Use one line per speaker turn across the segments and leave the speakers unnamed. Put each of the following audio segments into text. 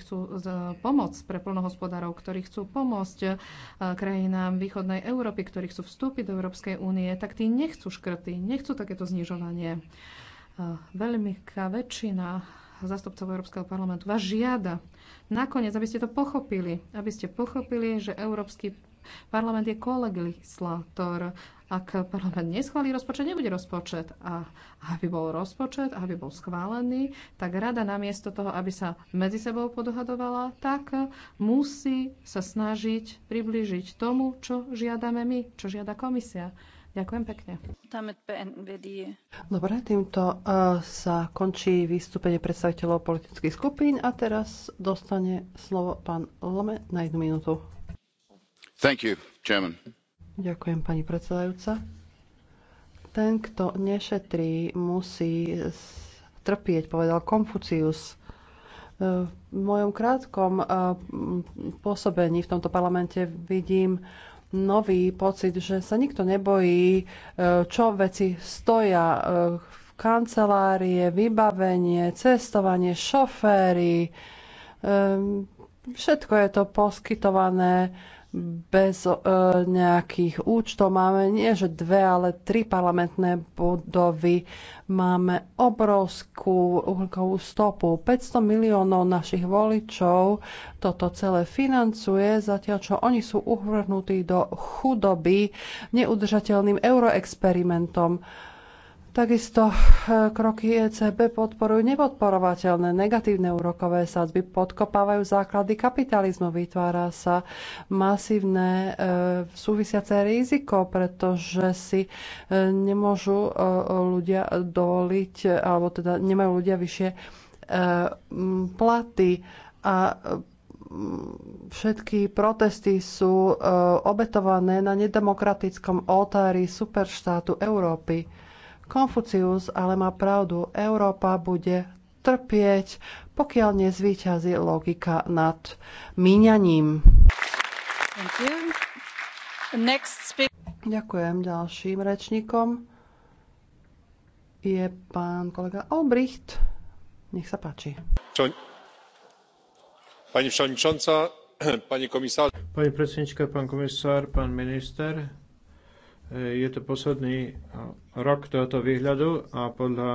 chcú pomôcť pre plnohospodárov, ktorí chcú pomôcť e, krajinám východnej Európy, ktorí chcú vstúpiť do Európskej únie, tak tí nechcú škrty, nechcú takéto znižovanie. E, veľmi väčšina zastupcov Európskeho parlamentu vás žiada nakoniec, aby ste to pochopili, aby ste pochopili, že Európsky Parlament je kolegislátor. Ak parlament neschválí rozpočet, nebude rozpočet. A aby bol rozpočet, aby bol schválený, tak rada namiesto toho, aby sa medzi sebou podohadovala, tak musí sa snažiť priblížiť tomu, čo žiadame my, čo žiada komisia. Ďakujem pekne. Dobre,
týmto e, sa končí vystúpenie predstaviteľov politických skupín a teraz dostane slovo pán Lome na jednu minútu. Ďakujem, pani predsedajúca. Ten, kto nešetrí, musí trpieť, povedal Konfucius. E, v mojom krátkom e, pôsobení v tomto parlamente vidím nový pocit, že sa nikto nebojí, e, čo veci stoja, kancelárie, vybavenie, cestovanie, šoféry. Ehm, všetko je to poskytované bez e, nejakých účtov. Máme nie že dve, ale tri parlamentné budovy. Máme obrovskú uhlíkovú stopu. 500 miliónov našich voličov toto celé financuje, zatiaľ čo oni sú uhrnutí do chudoby neudržateľným euroexperimentom. Takisto eh, kroky ECB podporujú nepodporovateľné negatívne úrokové sadzby, podkopávajú základy kapitalizmu, vytvára sa masívne e, súvisiace riziko, pretože si e, nemôžu e, ľudia dovoliť, alebo teda nemajú ľudia vyššie e, platy a mm, všetky protesty sú obetované na nedemokratickom oltári superštátu Európy Konfucius ale má pravdu, Európa bude trpieť, pokiaľ nezvýťazí logika nad míňaním. Ďakujem ďalším rečníkom. Je pán kolega Olbricht. Nech sa páči.
Pani panie Pani predsednička, pán komisár, pán minister Eh, je to posledný eh, rok tohoto výhľadu a podľa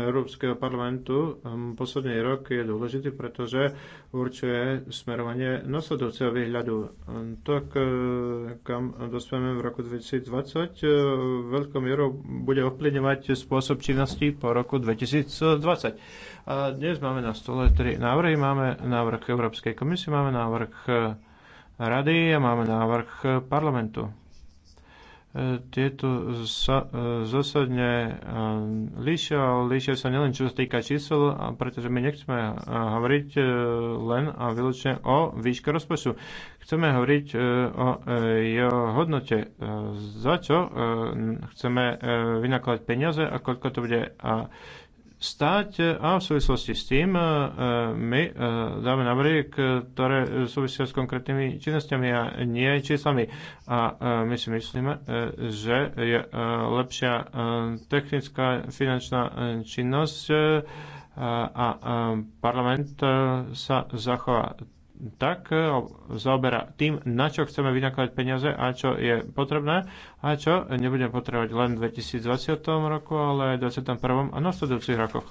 eh, Európskeho parlamentu ehm, posledný rok je dôležitý, pretože určuje smerovanie nasledujúceho výhľadu. Ehm, tak, kam dospieme v roku 2020, veľkou mierou bude ovplyvňovať spôsob činnosti po roku 2020. A dnes máme na stole tri návrhy. Máme návrh Európskej komisie, máme návrh Rady a máme návrh parlamentu. E, tieto sa e, zásadne e, líšia, líšia sa nielen čo sa týka čísel, pretože my nechceme hovoriť len a vylúčne o výške rozpočtu. Chceme hovoriť o jeho hodnote, za čo chceme vynakladať peniaze a koľko to bude. A stať eh, a v súvislosti s tým eh, eh, my dáme návrhy, ktoré súvisia s konkrétnymi činnosťami a nie číslami. A my si myslíme, že je lepšia technická finančná činnosť a parlament sa zachová tak e, zaoberá tým, na čo chceme vynakladať peniaze a čo je potrebné a čo nebudeme potrebovať len v 2020 roku, ale aj v 2021 a nasledujúcich rokoch.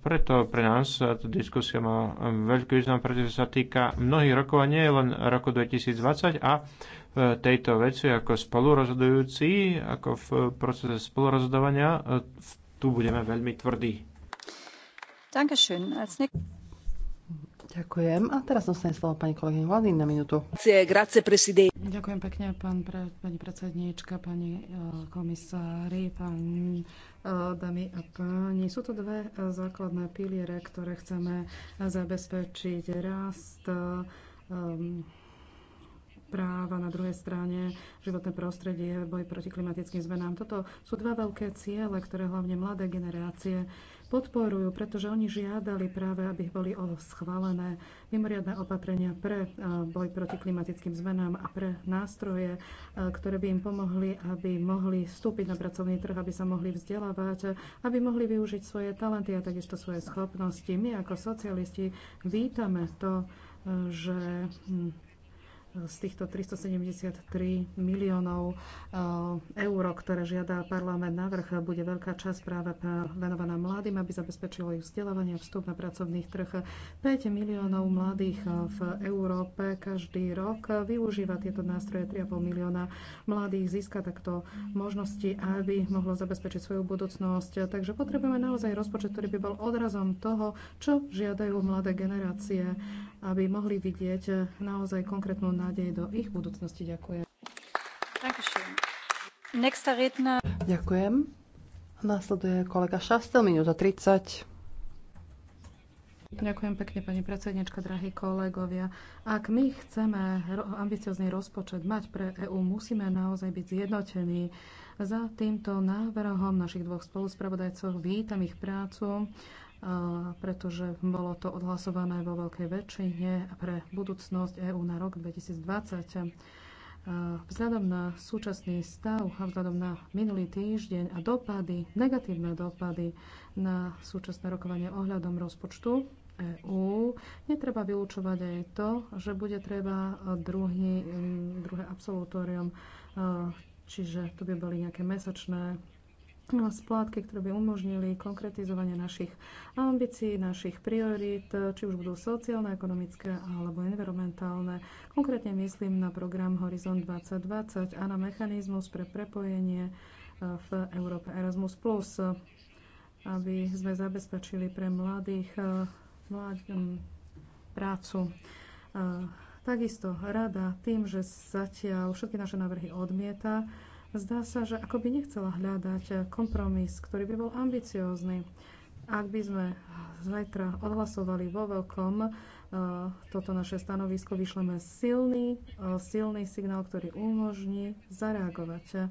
Preto pre nás táto diskusia má veľký význam, pretože sa týka mnohých rokov a nie je len roku 2020 a v e, tejto veci ako spolurozhodujúci, ako v procese spolurozhodovania, e, tu budeme veľmi tvrdí.
Dankeschön. Als Ďakujem. A teraz sa slovo pani kolegyne Hladín na minútu.
Ďakujem pekne, pán pre, pani predsedníčka, pani eh, komisári, pani eh, dámy a páni. Sú to dve eh, základné piliere, ktoré chceme zabezpečiť. Rast um, práva, na druhej strane životné prostredie, boj proti klimatickým zmenám. Toto sú dva veľké ciele, ktoré hlavne mladé generácie podporujú, pretože oni žiadali práve, aby boli schválené mimoriadne opatrenia pre eh, boj proti klimatickým zmenám a pre nástroje, eh, ktoré by im pomohli, aby mohli vstúpiť na pracovný trh, aby sa mohli vzdelávať, aby mohli využiť svoje talenty a takisto svoje schopnosti. My ako socialisti vítame to, eh, že hm, z týchto 373 miliónov eh, eur, ktoré žiada parlament na vrch, bude veľká časť práve venovaná mladým, aby zabezpečilo ich vzdelávanie a vstup na pracovných trh. 5 miliónov mladých eh, v Európe každý rok využíva tieto nástroje. 3,5 milióna mladých získa takto možnosti, aby mohlo zabezpečiť svoju budúcnosť. Takže potrebujeme naozaj rozpočet, ktorý by bol odrazom toho, čo žiadajú mladé generácie, aby mohli vidieť naozaj konkrétnu nádej do ich budúcnosti. Ďakujem. Ďakujem. Nasleduje
kolega Šastel, minúta 30.
Ďakujem pekne, pani predsednička, drahí kolegovia. Ak my chceme ambiciozný rozpočet mať pre EÚ, musíme naozaj byť zjednotení. Za týmto návrhom našich dvoch spoluspravodajcov vítam ich prácu pretože bolo to odhlasované vo veľkej väčšine pre budúcnosť EÚ na rok 2020. Vzhľadom na súčasný stav a vzhľadom na minulý týždeň a dopady, negatívne dopady na súčasné rokovanie ohľadom rozpočtu EÚ, netreba vylúčovať aj to, že bude treba druhý, druhé absolutórium, čiže to by boli nejaké mesačné No, splátky, ktoré by umožnili konkretizovanie našich ambícií, našich priorít, či už budú sociálne, ekonomické alebo environmentálne. Konkrétne myslím na program Horizon 2020 a na mechanizmus pre prepojenie e, v Európe Erasmus+, aby sme zabezpečili pre mladých e, mlad, prácu. E, takisto rada tým, že zatiaľ všetky naše návrhy odmieta, Zdá sa, že ako by nechcela hľadať kompromis, ktorý by bol ambiciózny. Ak by sme zajtra odhlasovali vo veľkom e, toto naše stanovisko, vyšleme silný, e, silný signál, ktorý umožní zareagovať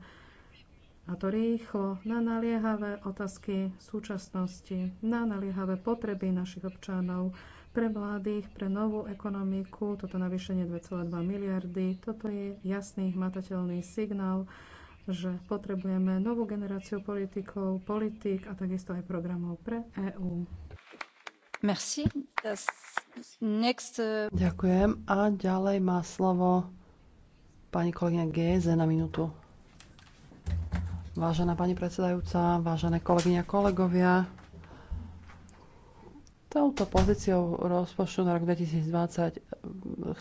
a to rýchlo na naliehavé otázky súčasnosti, na naliehavé potreby našich občanov, pre mladých, pre novú ekonomiku, toto navýšenie 2,2 miliardy, toto je jasný, hmatateľný signál, že potrebujeme novú generáciu politikov, politik a takisto aj programov pre EÚ. Merci. Next.
Uh,
Ďakujem. A ďalej má slovo pani kolegyňa GZ na minútu. Vážená pani predsedajúca, vážené kolegyňa, kolegovia, Touto pozíciou rozpočtu na rok 2020 eh,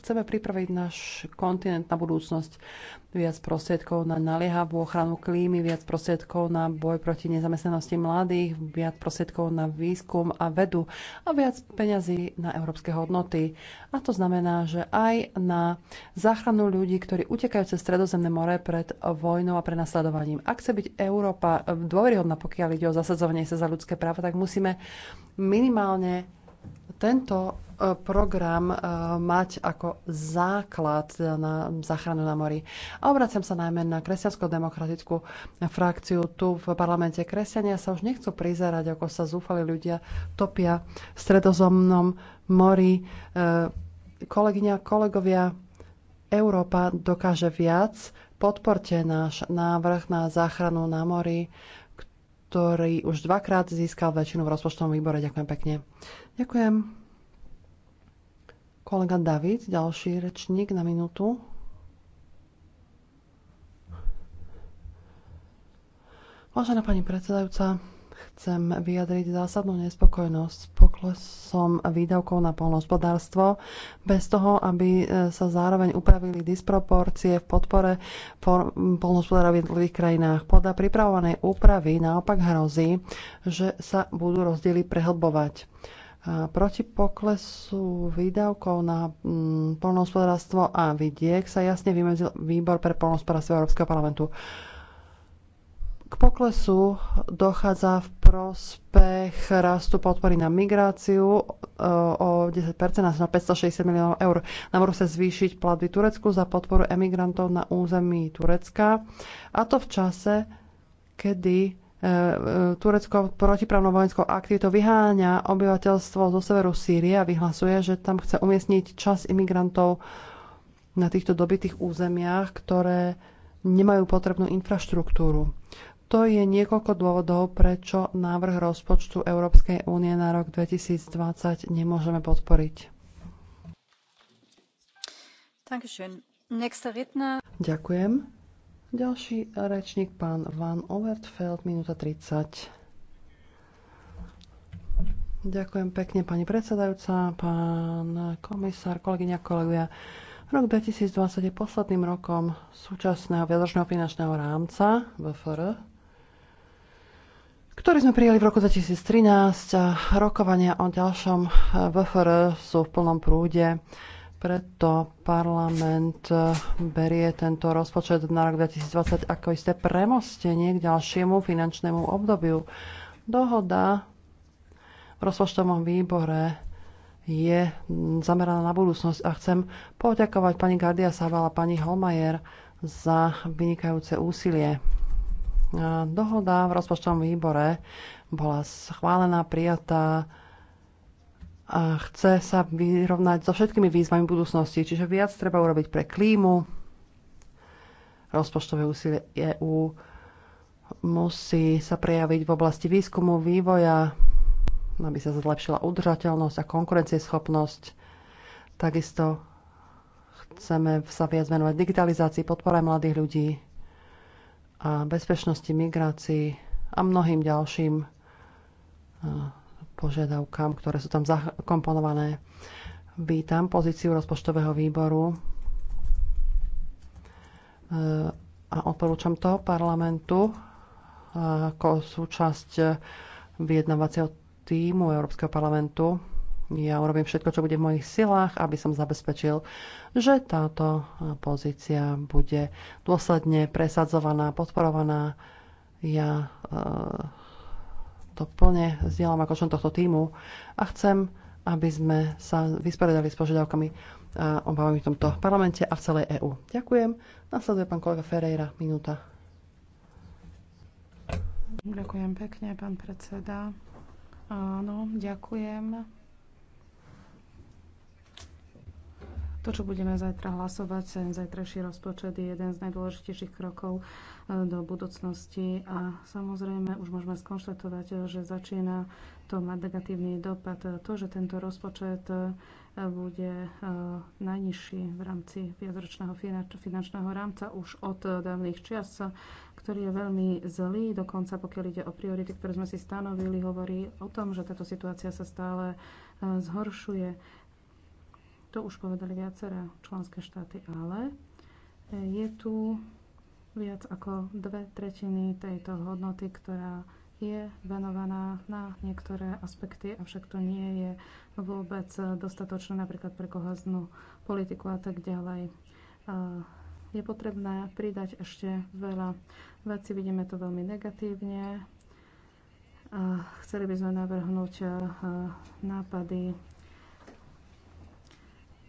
chceme pripraviť náš kontinent na budúcnosť. Viac prostriedkov na naliehavú ochranu klímy, viac prostriedkov na boj proti nezamestnanosti mladých, viac prostriedkov na výskum a vedu a viac peňazí na európske hodnoty. A to znamená, že aj na záchranu ľudí, ktorí utekajú cez Stredozemné more pred vojnou a prenasledovaním. Ak chce byť Európa eh, dôveryhodná, pokiaľ ide o zasadzovanie sa za ľudské práva, tak musíme minimálne tento e, program e, mať ako základ na záchranu na mori. A obraciam sa najmä na kresťansko-demokratickú frakciu tu v parlamente. Kresťania sa už nechcú prizerať, ako sa zúfali ľudia topia v stredozomnom mori. E, kolegyňa, kolegovia, Európa dokáže viac. Podporte náš návrh na záchranu na mori ktorý už dvakrát získal väčšinu v rozpočtovom výbore. Ďakujem pekne. Ďakujem. Kolega David, ďalší rečník na minútu. Vážená pani predsedajúca, chcem vyjadriť zásadnú nespokojnosť s poklesom výdavkov na polnohospodárstvo, bez toho, aby e, sa zároveň upravili disproporcie v podpore polnohospodárov v jednotlivých krajinách. Podľa pripravovanej úpravy naopak hrozí, že sa budú rozdiely prehlbovať. A e, proti poklesu výdavkov na mm, poľnohospodárstvo polnohospodárstvo a vidiek sa jasne vymedzil výbor pre polnohospodárstvo Európskeho parlamentu poklesu dochádza v prospech rastu podpory na migráciu e, o 10%, až na 560 miliónov eur. Navrhu sa zvýšiť platby Turecku za podporu emigrantov na území Turecka, a to v čase, kedy e, e, Turecko protiprávnou vojenskou aktivitou vyháňa obyvateľstvo zo severu Sýrie a vyhlasuje, že tam chce umiestniť čas imigrantov na týchto dobitých územiach, ktoré nemajú potrebnú infraštruktúru. To je niekoľko dôvodov, prečo návrh rozpočtu Európskej únie na rok 2020 nemôžeme podporiť. Ďakujem. Ďalší rečník, pán Van Overtfeld, minúta 30. Ďakujem pekne, pani predsedajúca, pán komisár, kolegyňa, kolegovia. Rok 2020 je posledným rokom súčasného viadročného finančného rámca VFR ktorý sme prijali v roku 2013 a rokovania o ďalšom e, VFR er sú v plnom prúde. Preto parlament e, berie tento rozpočet na rok 2020 ako isté premostenie k ďalšiemu finančnému obdobiu. Dohoda v rozpočtovom výbore je zameraná na budúcnosť a chcem poďakovať pani Gardia Savala a pani Holmajer za vynikajúce úsilie. E, dohoda v rozpočtovom výbore bola schválená, prijatá a chce sa vyrovnať so všetkými výzvami budúcnosti, čiže viac treba urobiť pre klímu. Rozpočtové úsilie EÚ musí sa prejaviť v oblasti výskumu, vývoja, aby sa zlepšila udržateľnosť a konkurencieschopnosť. Takisto chceme sa viac venovať digitalizácii, podpore mladých ľudí, a bezpečnosti migrácií a mnohým ďalším požiadavkám, ktoré sú tam zakomponované. Vítam pozíciu rozpočtového výboru e, a odporúčam to parlamentu ako súčasť vyjednávacieho týmu Európskeho parlamentu ja urobím všetko, čo bude v mojich silách, aby som zabezpečil, že táto pozícia bude dôsledne presadzovaná, podporovaná. Ja e, to plne zdieľam ako člen tohto týmu a chcem, aby sme sa vysporiadali s požiadavkami a obávami v tomto parlamente a v celej EÚ. Ďakujem. Nasleduje pán kolega Ferreira. Minúta.
Ďakujem pekne, pán predseda. Áno, ďakujem. To, čo budeme zajtra hlasovať, ten zajtrajší rozpočet je jeden z najdôležitejších krokov e, do budúcnosti a samozrejme už môžeme skonštatovať, e, že začína to mať negatívny dopad. E, to, že tento rozpočet bude najnižší v rámci viacročného finančného rámca už od dávnych čias, ktorý je veľmi zlý, dokonca pokiaľ ide o priority, ktoré sme si stanovili, hovorí o tom, že táto situácia sa stále zhoršuje to už povedali viaceré členské štáty, ale e, je tu viac ako dve tretiny tejto hodnoty, ktorá je venovaná na niektoré aspekty, avšak to nie je vôbec dostatočné napríklad pre koheznú politiku a tak ďalej. E, je potrebné pridať ešte veľa vecí, vidíme to veľmi negatívne. Chceli by sme navrhnúť e, nápady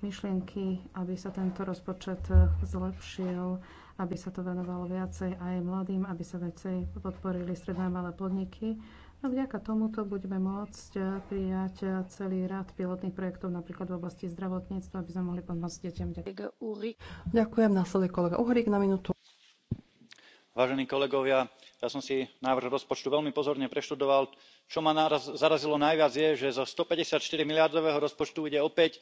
myšlienky, aby sa tento rozpočet eh, zlepšil, aby sa to venovalo viacej aj mladým, aby sa viacej podporili stredné malé podniky. A no, vďaka tomuto budeme môcť eh, prijať eh, celý rad pilotných projektov, napríklad v oblasti zdravotníctva, aby sme mohli pomôcť deťom. Ďakujem.
Ďakujem. Následuje kolega Uhrík na minútu.
Vážení kolegovia, ja som si návrh rozpočtu veľmi pozorne preštudoval. Čo ma naraz zarazilo najviac je, že zo 154 miliardového rozpočtu ide opäť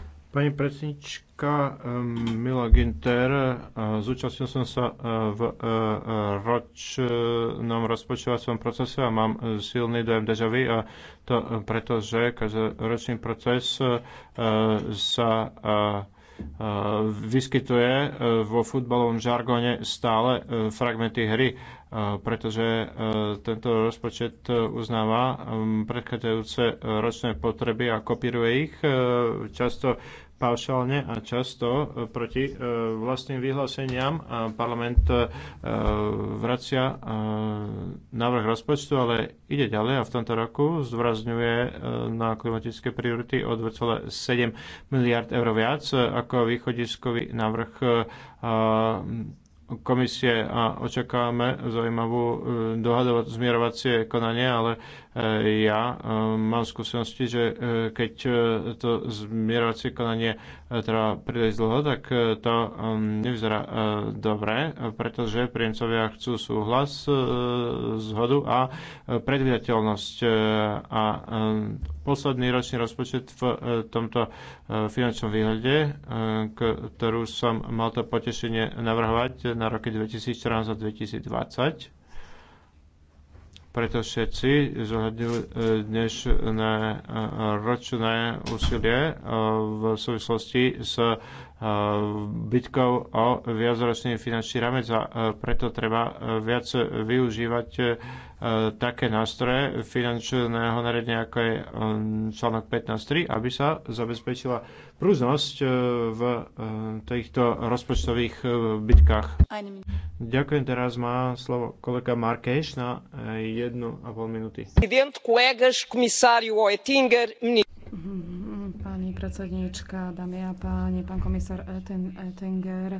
Pani predsednička Mila Ginter, eh, zúčastnil som sa eh, v eh, ročnom rozpočtovacom procese a mám silný dojem deja vu a to preto, že každoročný proces sa Eh, vyskytuje eh, vo futbalovom žargóne stále eh, fragmenty hry, pretože tento rozpočet uznáva predchádzajúce ročné potreby a kopíruje ich. Často paušálne a často e, proti e, vlastným vyhláseniam. Parlament e, vracia návrh rozpočtu, ale ide ďalej a v tomto roku zdôrazňuje na klimatické priority o 2,7 miliard eur viac ako východiskový návrh komisie a očakávame zaujímavú e, dohadovať zmierovacie konanie, ale e, ja e, mám skúsenosti, že keď to zmierovacie konanie trvá príliš dlho, tak to nevyzerá dobre, pretože príjemcovia chcú súhlas, zhodu a predvydateľnosť. A posledný ročný rozpočet v tomto finančnom výhľade, ktorú som mal to potešenie navrhovať na roky 2014 a 2020 preto všetci zohľadili e, dnešné e, e, ročné úsilie v súvislosti s bytkov o viacročný finančný ramec a e, preto treba e, viac využívať e, také nástroje finančného nariadenia, ako je článok 15.3, aby sa zabezpečila prúznosť v týchto rozpočtových bytkách. Ďakujem, teraz má slovo kolega Markeš na jednu a pol minúty
predsednička, dámy a páni, pán komisár Ettinger.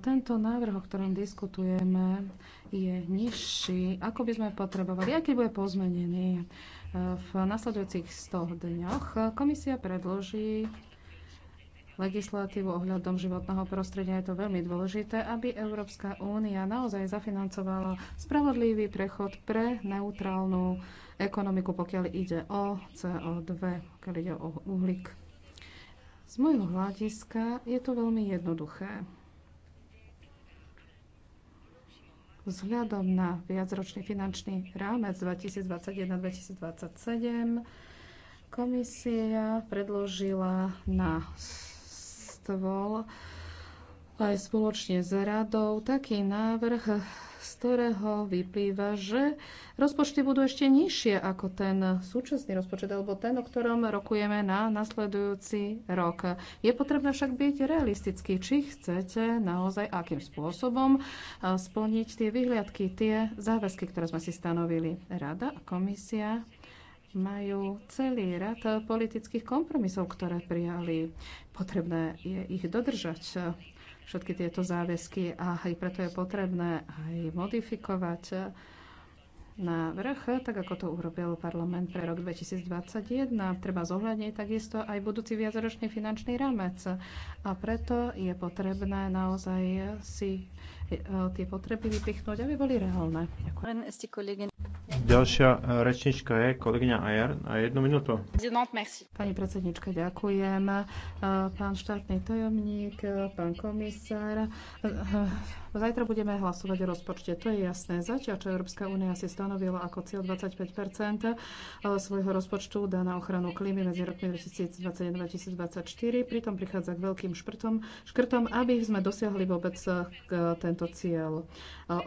Tento návrh, o ktorom diskutujeme, je nižší, ako by sme potrebovali, aký bude pozmenený. E, v nasledujúcich 100 dňoch komisia predloží legislatívu ohľadom životného prostredia. Je to veľmi dôležité, aby Európska únia naozaj zafinancovala spravodlivý prechod pre neutrálnu ekonomiku, pokiaľ ide o CO2, pokiaľ ide o uhlík. Z môjho hľadiska je to veľmi jednoduché. Vzhľadom na viacročný finančný rámec 2021-2027 komisia predložila na stôl aj spoločne s radou taký návrh z ktorého vyplýva, že rozpočty budú ešte nižšie ako ten súčasný rozpočet, alebo ten, o ktorom rokujeme na nasledujúci rok. Je potrebné však byť realistický, či chcete naozaj akým spôsobom eh, splniť tie vyhliadky, tie záväzky, ktoré sme si stanovili. Rada a komisia majú celý rad politických kompromisov, ktoré prijali. Potrebné je ich dodržať všetky tieto záväzky a aj preto je potrebné aj modifikovať na vrch, tak ako to urobil parlament pre rok 2021. Treba zohľadniť takisto aj budúci viacročný finančný rámec. A preto je potrebné naozaj si E, tie potreby vypichnúť, aby boli reálne. Ďakujem.
Ďalšia e, rečnička je kolegyňa Ajar na jednu minútu.
Pani predsednička, ďakujem. E, pán štátny tajomník, pán komisár, Zajtra budeme hlasovať o rozpočte, to je jasné. Zatiaľ, čo Európska únia si stanovila ako cieľ 25 svojho rozpočtu dá na ochranu klímy medzi rokmi 2021-2024, pritom prichádza k veľkým šprtom, škrtom, aby sme dosiahli vôbec tento tento cieľ.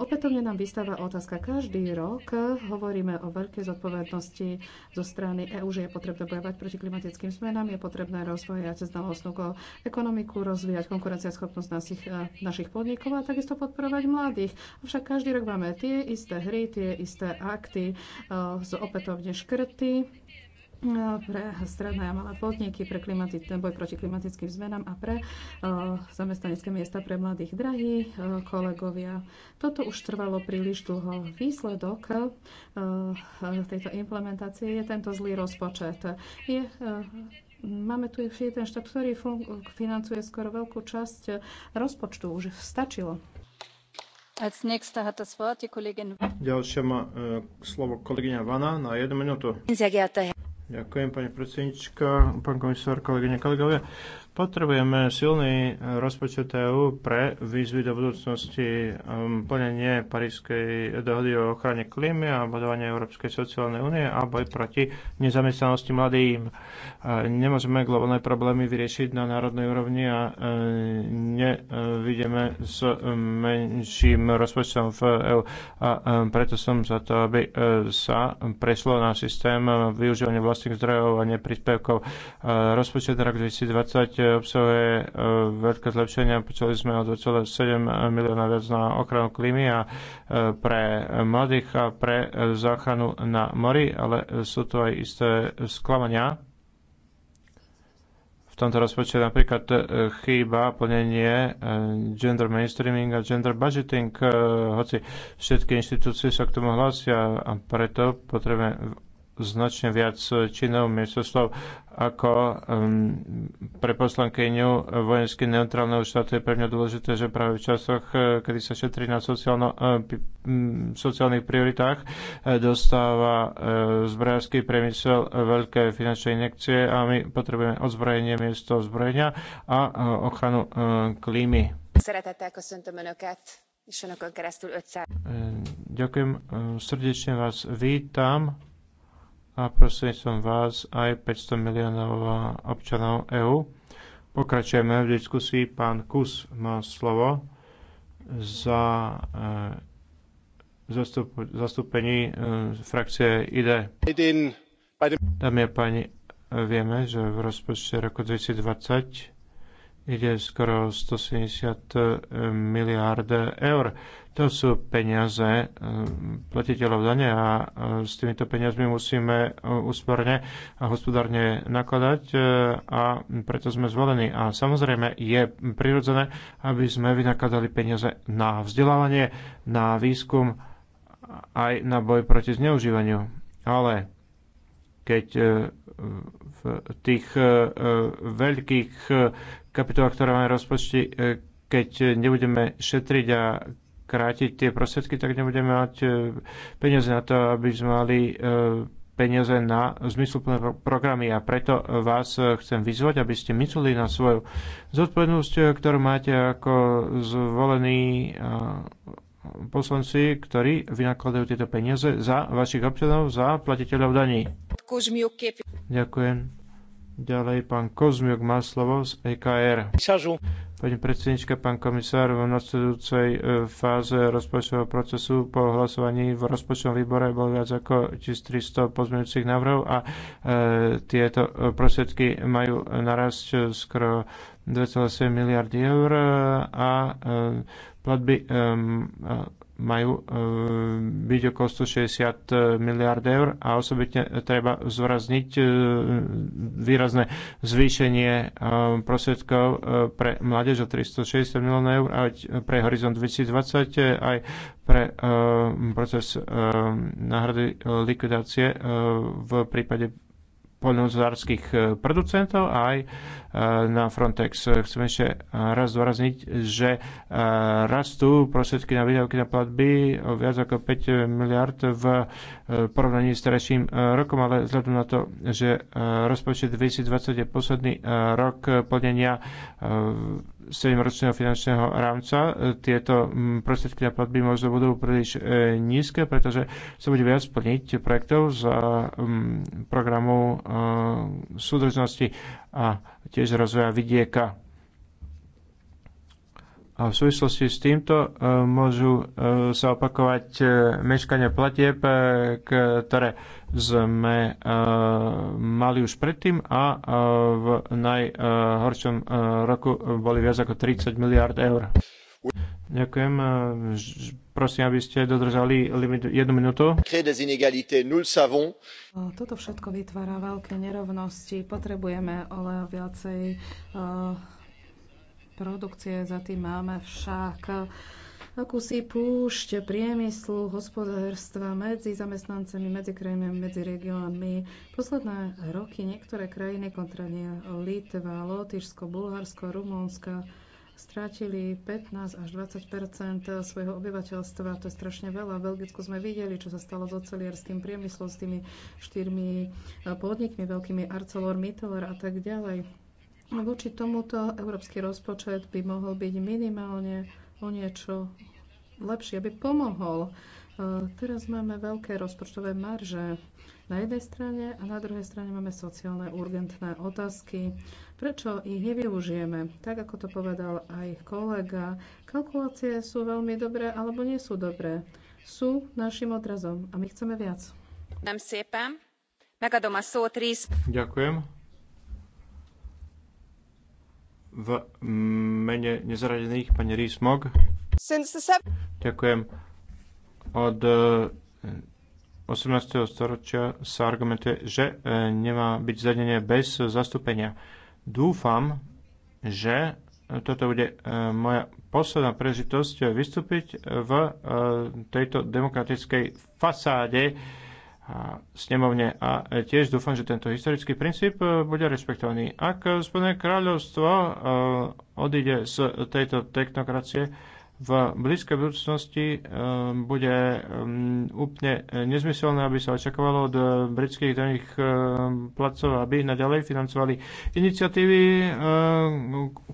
Opätovne nám vystáva otázka. Každý rok hovoríme o veľkej zodpovednosti zo strany EÚ, že je potrebné bojovať proti klimatickým zmenám, je potrebné rozvíjať znalostnú ekonomiku, rozvíjať konkurenciaschopnosť našich, e, našich podnikov a takisto podporovať mladých. Avšak každý rok máme tie isté hry, tie isté akty, e, opätovne škrty pre stredné a malé podniky, pre klimatic, boj proti klimatickým zmenám a pre uh, zamestnanecké miesta pre mladých. Drahí uh, kolegovia, toto už trvalo príliš dlho. Výsledok uh, tejto implementácie je tento zlý rozpočet. Je Máme tu ešte jeden štát, ktorý financuje skoro veľkú časť rozpočtu. Už
stačilo.
Ďalšia má slovo kolegyňa Vana na jednu minútu. Ďakujem, pani predsednička, pán komisár, kolegyne, kolegovia. Potrebujeme silný eh, rozpočet EÚ pre výzvy do budúcnosti, ehm, plnenie Parískej dohody o ochrane klímy a budovanie Európskej sociálnej únie a boj proti nezamestnanosti mladým. Eh, nemôžeme globálne problémy vyriešiť na národnej úrovni a eh, nevidíme s menším rozpočtom v EÚ. A preto som za to, aby sa prešlo na systém využívania vlastných zdrojov a nepríspevkov. Rozpočet rok 2020 obsahuje e, veľké zlepšenia. Počali sme o 2,7 milióna viac na ochranu klímy a e, pre mladých a pre záchranu na mori, ale sú tu aj isté sklamania v tomto rozpočte napríklad e, chýba plnenie gender mainstreaming a gender budgeting, hoci všetky inštitúcie sa k tomu hlásia a preto potrebujeme značne viac činov ministerstv ako um, pre poslankyňu vojensky neutrálneho štátu je pre mňa dôležité, že práve v časoch, eh, kedy sa šetrí na sociálno, um, sociálnych prioritách, eh, dostáva uh, zbrojársky priemysel veľké finančné inekcie a my potrebujeme odzbrojenie miesto zbrojenia a uh, ochranu uh, klímy. Szeretettel köszöntöm Önöket, és Önökön keresztül 500. Ďakujem, srdečne vás vítam a prostredníctvom vás aj 500 miliónov občanov EÚ. Pokračujeme v diskusii. Pán Kus má slovo za e, zastúpení e, frakcie ID. Dámy a páni, vieme, že v rozpočte roku 2020 ide skoro 170 e, miliard eur. To sú peniaze e, platiteľov dane a e, s týmito peniazmi musíme úsporne a hospodárne nakladať a preto sme zvolení. A samozrejme je prirodzené, aby sme vynakladali peniaze na vzdelávanie, na výskum, aj na boj proti zneužívaniu. Ale keď v tých veľkých kapitola, ktorá má rozpočty, e, keď nebudeme šetriť a krátiť tie prostriedky, tak nebudeme mať e, peniaze na to, aby sme mali e, peniaze na zmysluplné programy a preto vás chcem vyzvať, aby ste mysleli na svoju zodpovednosť, ktorú máte ako zvolení poslanci, ktorí vynakladajú tieto peniaze za vašich občanov, za platiteľov daní. Ďakujem. Ďalej pán Kozmiuk má slovo z EKR. Pani predsednička, pán komisár, v nasledujúcej e, fáze rozpočtového procesu po hlasovaní v rozpočtovom výbore bol viac ako 1300 pozmeňujúcich návrhov a e, tieto e, prostriedky majú narasť e, skoro 2,7 miliardy eur a e, platby e, majú e, byť okolo 160 e, miliard eur a osobitne treba e, výrazné zvýšenie e, e pre mládež o 360 miliónov eur a pre Horizont 2020 aj pre proces náhrady likvidácie v prípade poľnohospodárských e, producentov a aj e, na Frontex. E, Chcem ešte raz zdôrazniť, že rastú prostriedky na výdavky na platby o viac ako 5 miliard v porovnaní s terajším rokom, ale vzhľadom na to, že rozpočet 2020 je posledný rok plnenia 7-ročného finančného rámca tieto mm, prostriedky na platby možno budú príliš e, nízke, pretože sa bude viac plniť projektov z mm, programu e, súdržnosti a tiež rozvoja vidieka. A v súvislosti s týmto e, môžu sa opakovať meškania platieb, ktoré sme eh, mali už predtým a eh, v najhoršom eh, roku boli viac ako 30 miliard eur. Ďakujem. Prosím, aby ste dodržali limit jednu minútu.
Toto všetko vytvára veľké nerovnosti. Potrebujeme ale viacej produkcie, za tým máme však akúsi púšť priemyslu, hospodárstva medzi zamestnancami, medzi krajinami, medzi regiónmi. Posledné roky niektoré krajiny, kontrane Litva, Lotyšsko, Bulharsko, Rumunsko strátili 15 až 20 svojho obyvateľstva. To je strašne veľa. V Belgicku sme videli, čo sa stalo s oceliarským priemyslom, s tými štyrmi podnikmi, veľkými Arcelor, ArcelorMittal a tak ďalej. Voči tomuto európsky rozpočet by mohol byť minimálne o niečo lepšie, aby pomohol. E, teraz máme veľké rozpočtové marže na jednej strane a na druhej strane máme sociálne urgentné otázky. Prečo ich nevyužijeme? Tak ako to povedal aj kolega, kalkulácie sú veľmi dobré alebo nie sú dobré. Sú našim odrazom a my chceme viac.
Ďakujem v mene nezaradených pani Mog. Ďakujem. Od 18. E, storočia sa argumentuje, že e, nemá byť zadenie bez zastúpenia. Dúfam, že toto bude e, moja posledná prežitosť vystúpiť v tejto demokratickej fasáde snemovne. A e, tiež dúfam, že tento historický princíp e, bude rešpektovaný. Ak Spojené kráľovstvo e, odíde z tejto technokracie, v blízkej budúcnosti ehm, bude ehm, úplne nezmyselné, aby sa očakovalo od britských daných ehm, placov, aby naďalej financovali iniciatívy,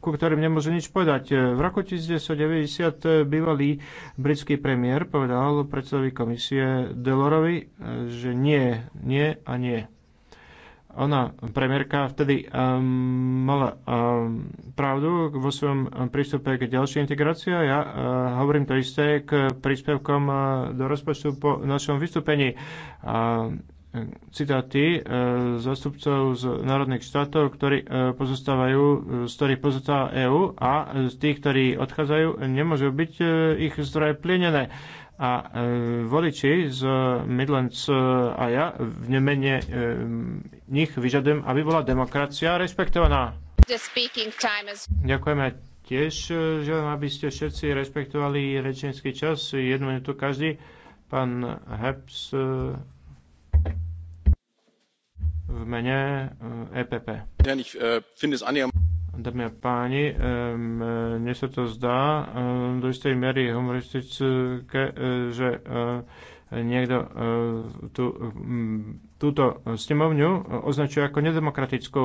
ku ktorým nemôžu nič povedať. V roku 1990 bývalý britský premiér povedal predsedovi komisie Delorovi, že nie, nie a nie ona, premiérka, vtedy um, mala um, pravdu vo svojom prístupe k ďalšej integrácii a ja uh, hovorím to isté k príspevkom uh, do rozpočtu po našom vystúpení. Uh, citáty uh, zastupcov z národných štátov, ktorí uh, pozostávajú, uh, z ktorých pozostáva EÚ a z tých, ktorí odchádzajú, nemôžu byť uh, ich zdroje plienené. A e, voliči z Midlands e, a ja v nemene e, nich vyžadujem, aby bola demokracia rešpektovaná. Is... Ďakujeme tiež, e, želám, aby ste všetci rešpektovali rečenský čas, jednu minútu každý. Pán Heps e, v mene e, EPP. Ja, ich, e, Dámy a páni, mne sa to zdá do istej miery humoristické, eh, že eh, niekto eh, tú, túto snemovňu označuje ako nedemokratickú.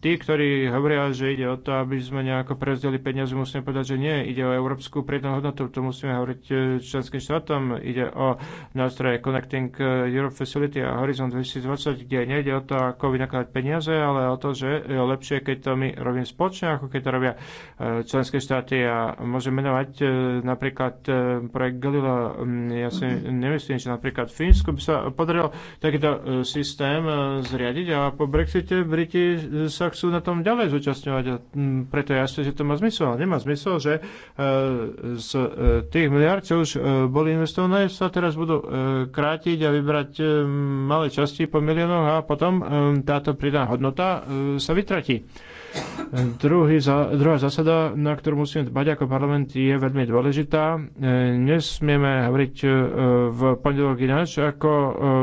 Tí, ktorí hovoria, že ide o to, aby sme nejako prezdeli peniaze, musíme povedať, že nie. Ide o európsku priednú hodnotu, to musíme hovoriť e, členským štátom. Ide o nástroje Connecting Europe Facility a Horizon 2020, kde nejde o to, ako vynakladať peniaze, ale o to, že je lepšie, keď to my robím spoločne, ako keď to robia e, členské štáty. A môžem menovať e, napríklad projekt Galileo. Mm, ja si nemyslím, že napríklad Fínsku by sa podarilo takýto systém zriadiť a po Brexite Briti sa chcú na tom ďalej zúčastňovať a mm, preto je jasné, že to má zmysel. nemá zmysel, že e, z e, tých miliard, čo už e, boli investované, sa teraz budú krátiť a vybrať malé časti po miliónoch a potom táto pridaná hodnota sa vytratí. Druhý, druhá zásada, na ktorú musíme dbať ako parlament, je veľmi dôležitá. Nesmieme hovoriť v pondelok ináč ako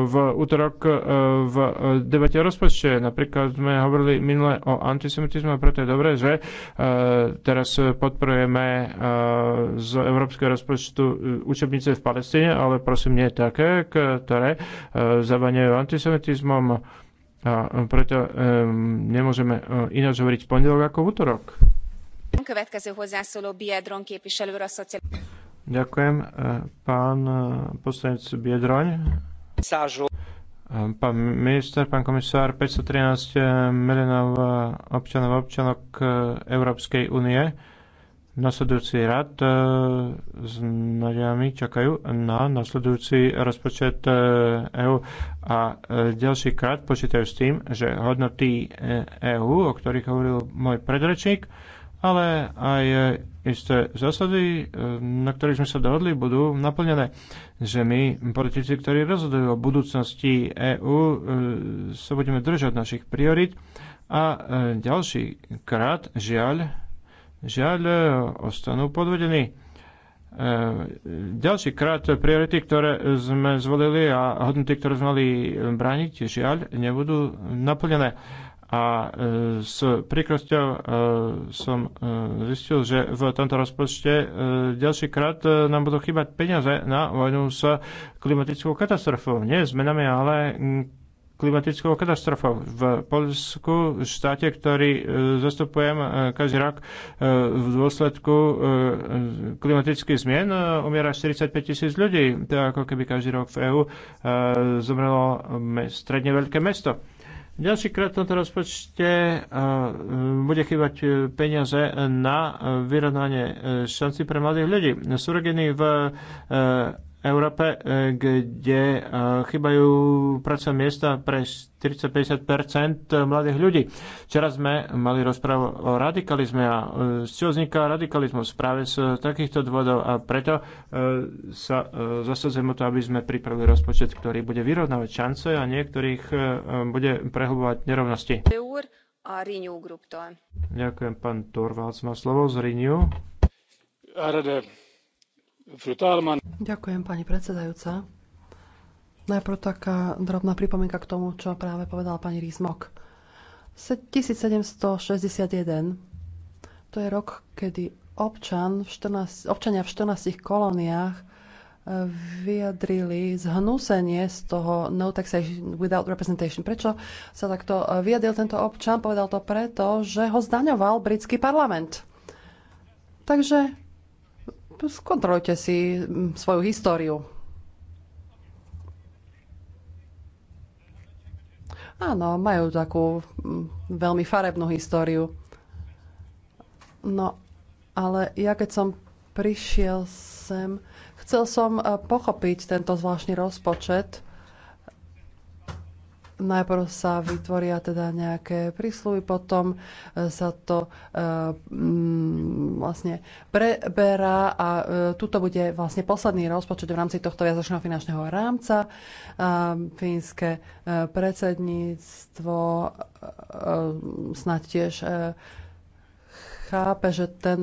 v útorok v debate o rozpočte. Napríklad sme hovorili minule o antisemitizme a preto je dobré, že e, teraz podporujeme e, z európskeho rozpočtu e, učebnice v Palestíne, ale prosím nie také, ktoré zavaňajú antisemitizmom a preto nemôžeme ináč hovoriť v pondelok ako v útorok. Ďakujem. Pán poslanec Biedroň Ehm, pán minister, pán komisár, 513 ehm, miliónov eh, občanov občanok eh, Európskej únie nasledujúci rad eh, s nádejami čakajú na nasledujúci rozpočet EÚ e a ďalší krát počítajú s tým, že hodnoty EÚ, e o ktorých hovoril môj predrečník, ale aj isté zásady, e, na ktorých sme sa dohodli, budú naplnené. Že my, politici, ktorí rozhodujú o budúcnosti EÚ, e, sa budeme držať našich priorit a e, ďalší krát, žiaľ, žiaľ, ostanú podvedení. Ďalší krát priority, ktoré sme zvolili a hodnoty, ktoré sme mali brániť, žiaľ, nebudú naplnené a e, s príkrosťou e, som e, zistil, že v tomto rozpočte ďalší krát nám budú chýbať peniaze na vojnu s klimatickou katastrofou. Nie zmenami, ale klimatickou katastrofou. V Polsku, štáte, ktorý zastupujem každý rok, v dôsledku klimatických zmien umiera 45 tisíc ľudí. To je ako keby každý rok v EÚ zomrelo stredne veľké mesto. Ďalší krát v tomto rozpočte e, e, bude chýbať e, peniaze na vyrovnanie šanci pre mladých ľudí. Sú v Európe, eh, kde eh, chýbajú pracovné miesta pre 40-50 mladých ľudí. Včera sme mali rozprávu o radikalizme a eh, z čoho vzniká radikalizmus práve z takýchto dôvodov a preto sa zasadzujem o to, aby sme pripravili rozpočet, ktorý bude vyrovnávať šance a niektorých bude prehlbovať nerovnosti. Ďakujem, pán Torvalds má slovo z Renew.
Ďakujem, pani predsedajúca. Najprv taká drobná pripomienka k tomu, čo práve povedala pani Rizmok. 1761 to je rok, kedy občan v 14, občania v 14 kolóniách eh, vyjadrili zhnúsenie z toho no taxation without representation. Prečo sa takto eh, vyjadril tento občan? Povedal to preto, že ho zdaňoval britský parlament. Takže Skontrolujte si mm, svoju históriu. Áno, majú takú mm, veľmi farebnú históriu. No, ale ja keď som prišiel sem, chcel som eh, pochopiť tento zvláštny rozpočet najprv sa vytvoria teda nejaké prísluhy, potom e, sa to um, vlastne preberá a e, tuto bude vlastne posledný rozpočet v rámci tohto viazočného finančného rámca. Fínske predsedníctvo snad tiež chápe, že ten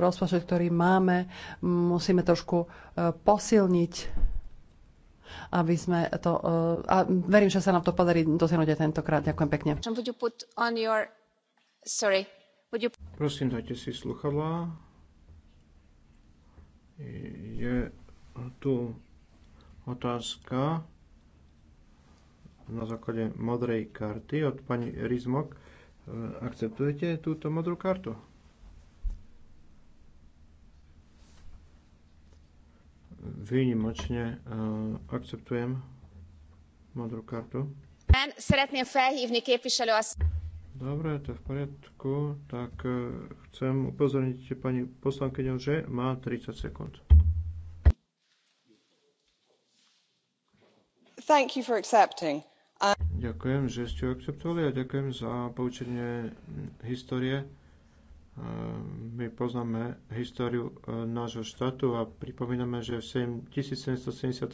rozpočet, ktorý máme, musíme trošku posilniť aby sme to... E, a verím, že sa nám to podarí dosiahnuť aj tentokrát. Ďakujem pekne. Prosím, dajte si
sluchadlá. Je tu otázka na základe modrej karty od pani Rizmok. E, akceptujete túto modrú kartu? výnimočne eh, akceptujem modrú kartu.
Szeretném felhívni képviselő
Dobre, to je v poriadku. Tak eh, chcem upozorniť pani poslankyňu, že má 30 sekúnd.
Thank you for accepting.
Ďakujem, že ste akceptovali a ďakujem za poučenie histórie my poznáme históriu e, nášho štátu a pripomíname, že v 1776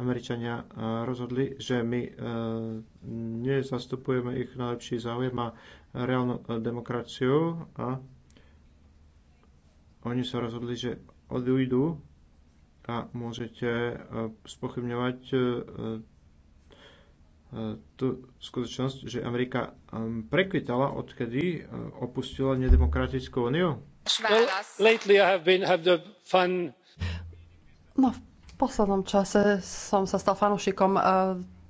Američania e, rozhodli, že my e, nezastupujeme ich najlepší záujem a reálnu demokraciu a oni sa rozhodli, že odídu a môžete spochybňovať E, tú skutočnosť, že Amerika e, prekvitala, odkedy e, opustila nedemokratickú úniu?
No, v poslednom čase som sa stal fanúšikom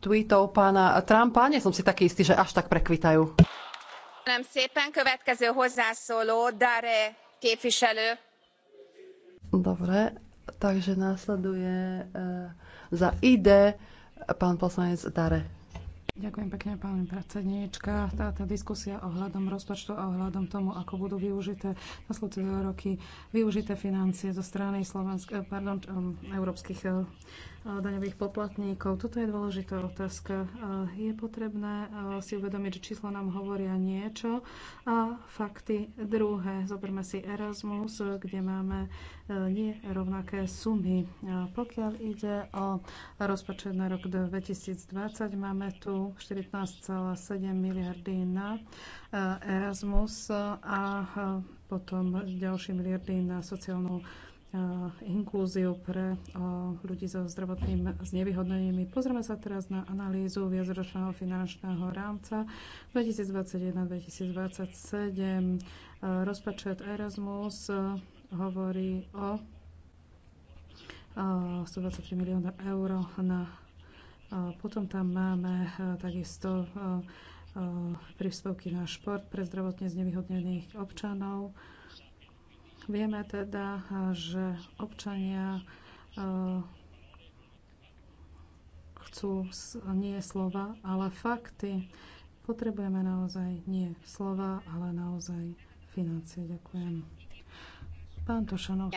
tweetov pána Trumpa. Nie som si taký istý, že až tak prekvitajú.
Köszönöm szépen. Következő hozzászóló, Dare képviselő.
Dobre, takže následuje za ide pán poslanec Dare.
Ďakujem pekne, pani predsedníčka. Táto diskusia ohľadom rozpočtu a ohľadom tomu, ako budú využité nasledujúce roky využité financie zo strany Slovensk- pardon, európskych Eh, daňových poplatníkov. Toto je dôležitá otázka. Eh, je potrebné eh, si uvedomiť, že čísla nám hovoria niečo a fakty druhé. Zoberme si Erasmus, kde máme nerovnaké sumy. Pokiaľ ide o rozpočet na rok 2020, máme tu 14,7 miliardy na Erasmus a potom ďalšie miliardy na sociálnu Eh, inklúziu pre eh, ľudí so zdravotným znevýhodnenými. Pozrieme sa teraz na analýzu viacročného finančného rámca 2021-2027. Eh, rozpočet Erasmus hovorí o 123 miliónov eur na potom tam máme takisto príspevky na šport pre zdravotne znevýhodnených občanov. Vieme teda, že občania eh, chcú nie slova, ale fakty. Potrebujeme naozaj nie slova, ale naozaj financie. Ďakujem. Pán Tošanov.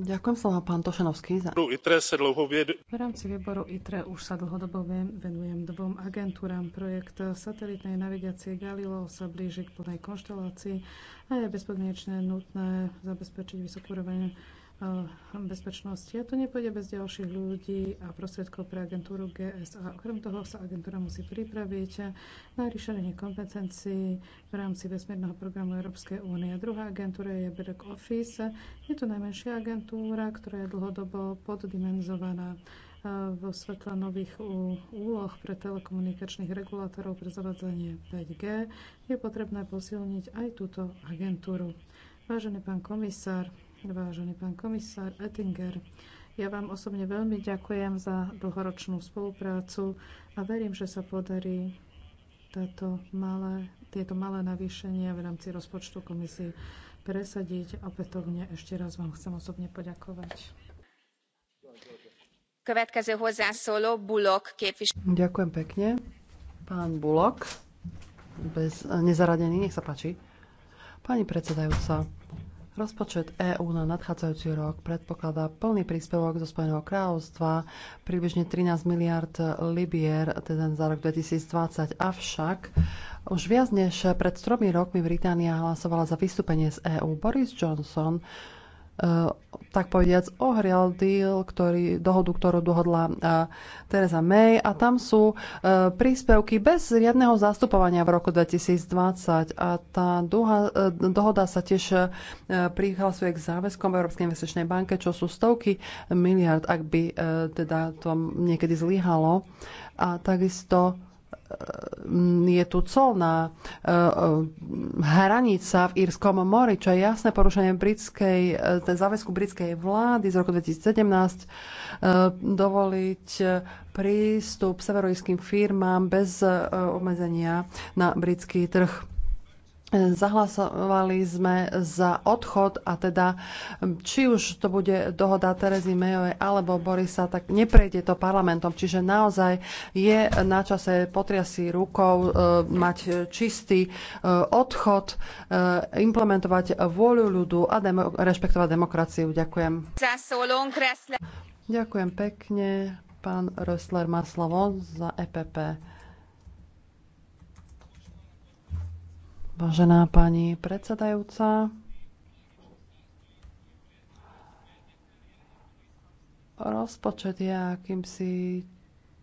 Ďakujem slova pán Tošanovský. Za... V rámci výboru ITRE už sa dlhodobo venujem dvom agentúram. Projekt satelitnej navigácie Galileo sa blíži k plnej konštelácii a je bezpodmienečne nutné zabezpečiť vysokú úroveň Eh, bezpečnosti. A to nepôjde bez ďalších ľudí a prostriedkov pre agentúru GSA. Okrem toho sa agentúra musí pripraviť na riešenie kompetencií v rámci vesmírneho programu Európskej únie. Druhá agentúra je Back Office. Je to najmenšia agentúra, ktorá je dlhodobo poddimenzovaná eh, vo svetle nových úloh pre telekomunikačných regulátorov pre zavadzanie 5G je potrebné posilniť aj túto agentúru. Vážený pán komisár, Vážený pán komisár Ettinger, ja vám osobne veľmi ďakujem za dlhoročnú spoluprácu a verím, že sa podarí táto malé, tieto malé navýšenia v rámci rozpočtu komisie presadiť. Opätovne ešte raz vám chcem osobne poďakovať. Ďakujem pekne. Pán Bulok,
bez nezaradený, nech sa páči. Pani predsedajúca, Rozpočet EÚ na nadchádzajúci rok predpokladá plný príspevok zo Spojeného kráľovstva, približne 13 miliard libier, teda za rok 2020. Avšak už viac než pred tromi rokmi Británia hlasovala za vystúpenie z EÚ. Boris Johnson Eh, tak povediac, ohrial deal, ktorý, dohodu, ktorú dohodla eh, Teresa May a tam sú eh, príspevky bez riadneho zastupovania v roku 2020 a tá duha, dohoda sa tiež prihlasuje k záväzkom v Európskej investičnej banke, čo sú stovky miliard, ak by teda to niekedy zlyhalo. A takisto Ehm, je tu colná ehm, hranica v Írskom mori, čo je jasné porušenie britskej, e, ten záväzku britskej vlády z roku 2017 ehm, dovoliť e, prístup severoírským firmám bez e, obmedzenia na britský trh. Zahlasovali sme za odchod a teda či už to bude dohoda Terezy Mejovej alebo Borisa, tak neprejde to parlamentom. Čiže naozaj je na čase potriasi rukou, e, mať čistý e, odchod, e, implementovať vôľu ľudu a demo- rešpektovať demokraciu. Ďakujem. Ďakujem pekne. Pán Rösler má slovo za EPP. Vážená pani predsedajúca, rozpočet je akýmsi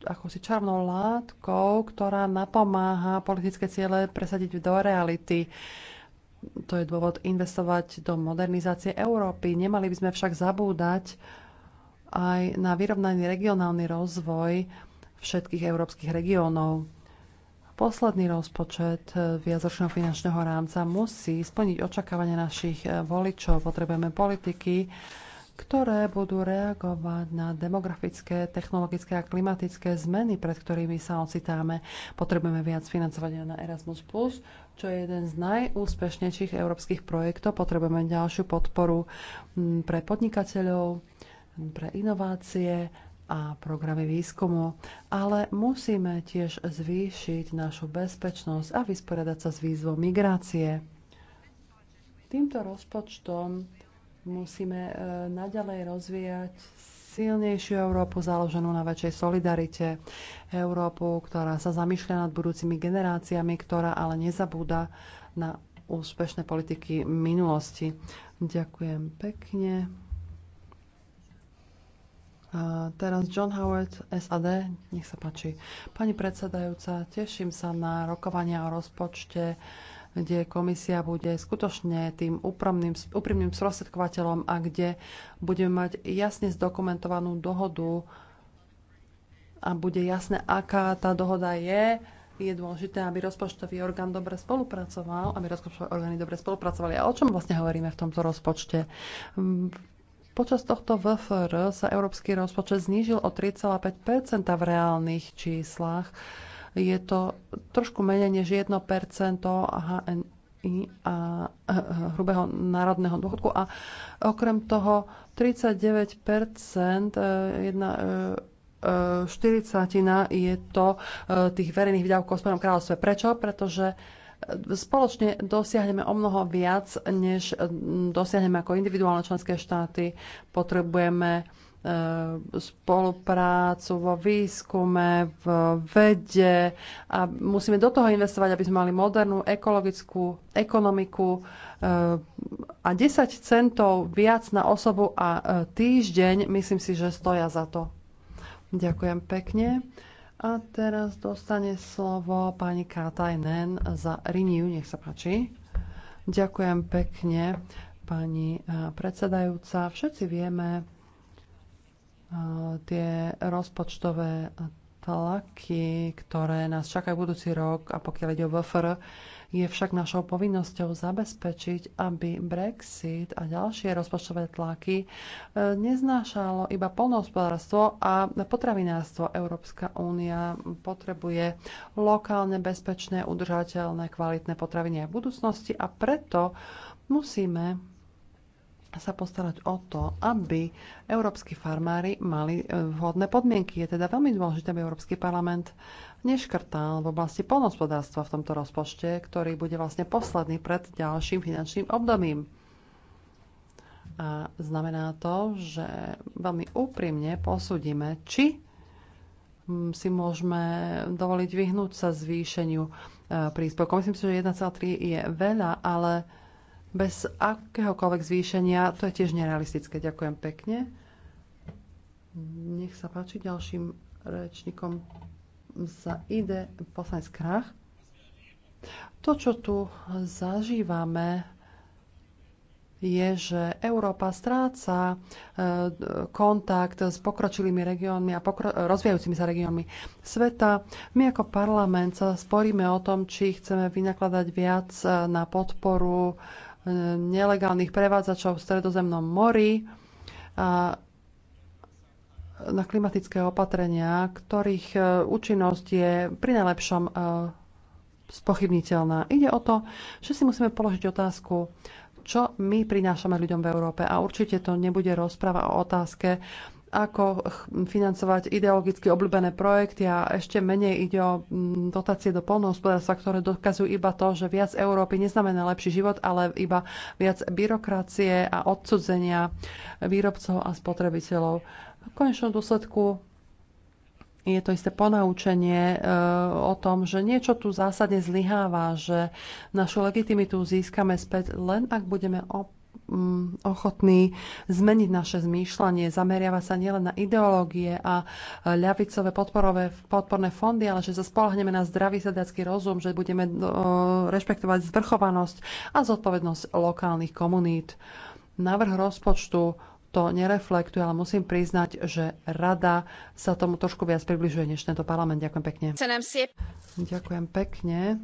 ako si čarnou látkou, ktorá napomáha politické ciele presadiť do reality. To je dôvod investovať do modernizácie Európy. Nemali by sme však zabúdať aj na vyrovnaný regionálny rozvoj všetkých európskych regiónov. Posledný rozpočet eh, viacročného finančného rámca musí splniť očakávania našich eh, voličov. Potrebujeme politiky, ktoré budú reagovať na demografické, technologické a klimatické zmeny, pred ktorými sa ocitáme. Potrebujeme viac financovania na Erasmus+, čo je jeden z najúspešnejších európskych projektov. Potrebujeme ďalšiu podporu mm, pre podnikateľov, pre inovácie a programy výskumu, ale musíme tiež zvýšiť našu bezpečnosť a vysporiadať sa s výzvou migrácie. Týmto rozpočtom musíme e, naďalej rozvíjať silnejšiu Európu založenú na väčšej solidarite. Európu, ktorá sa zamýšľa nad budúcimi generáciami, ktorá ale nezabúda na úspešné politiky minulosti. Ďakujem pekne teraz John Howard, SAD, nech sa páči. Pani predsedajúca, teším sa na rokovania o rozpočte, kde komisia bude skutočne tým úprimným, úprimným sprostredkovateľom a kde budeme mať jasne zdokumentovanú dohodu a bude jasné, aká tá dohoda je. Je dôležité, aby rozpočtový orgán dobre spolupracoval, aby rozpočtové orgány dobre spolupracovali. A o čom vlastne hovoríme v tomto rozpočte? Počas tohto VFR sa európsky rozpočet znížil o 3,5 v reálnych číslach. Je to trošku menej než 1 HNI a eh, hrubého národného dôchodku a okrem toho 39 eh, jedna 40 eh, je to tých verejných výdavkov v Spojenom kráľovstve. Prečo? Pretože spoločne dosiahneme o mnoho viac, než e, dosiahneme ako individuálne členské štáty. Potrebujeme e, spoluprácu vo výskume, v vede a musíme do toho investovať, aby sme mali modernú ekologickú ekonomiku e, a 10 centov viac na osobu a týždeň, myslím si, že stoja za to. Ďakujem pekne. A teraz dostane slovo pani Katajnen za Riniu. Nech sa páči. Ďakujem pekne, pani eh, predsedajúca. Všetci vieme eh, tie rozpočtové tlaky, ktoré nás čakajú budúci rok a pokiaľ ide o VFR, je však našou povinnosťou zabezpečiť, aby Brexit a ďalšie rozpočtové tlaky e, neznášalo iba polnohospodárstvo a potravinárstvo. Európska únia potrebuje lokálne, bezpečné, udržateľné, kvalitné potraviny aj v budúcnosti a preto musíme sa postarať o to, aby európsky farmári mali e, vhodné podmienky. Je teda veľmi dôležité, aby Európsky parlament neškrtal v oblasti polnospodárstva v tomto rozpočte, ktorý bude vlastne posledný pred ďalším finančným obdobím. A znamená to, že veľmi úprimne posúdime, či si môžeme dovoliť vyhnúť sa zvýšeniu e, príspevkov. Myslím si, že 1,3 je veľa, ale bez akéhokoľvek zvýšenia. To je tiež nerealistické. Ďakujem pekne. Nech sa páči ďalším rečníkom za ide poslanec Krach. To, čo tu zažívame, je, že Európa stráca e, kontakt s pokročilými regiónmi a pokro- rozvíjajúcimi sa regiónmi sveta. My ako parlament sa sporíme o tom, či chceme vynakladať viac na podporu nelegálnych prevádzačov v Stredozemnom mori a na klimatické opatrenia, ktorých e, účinnosť je pri najlepšom e, spochybniteľná. Ide o to, že si musíme položiť otázku, čo my prinášame ľuďom v Európe. A určite to nebude rozpráva o otázke, ako financovať ideologicky obľúbené projekty a ešte menej ide o mm, dotácie do polnohospodárstva, ktoré dokazujú iba to, že viac Európy neznamená lepší život, ale iba viac byrokracie a odsudzenia výrobcov a spotrebiteľov. V konečnom dôsledku je to isté ponaučenie e, o tom, že niečo tu zásadne zlyháva, že našu legitimitu získame späť len ak budeme Mm, ochotní zmeniť naše zmýšľanie. Zameriava sa nielen na ideológie a e, ľavicové podporové, podporné fondy, ale že sa spolahneme na zdravý sedacký rozum, že budeme e, rešpektovať zvrchovanosť a zodpovednosť lokálnych komunít. Návrh rozpočtu to nereflektuje, ale musím priznať, že rada sa tomu trošku viac približuje než tento parlament. Ďakujem pekne. Ďakujem pekne.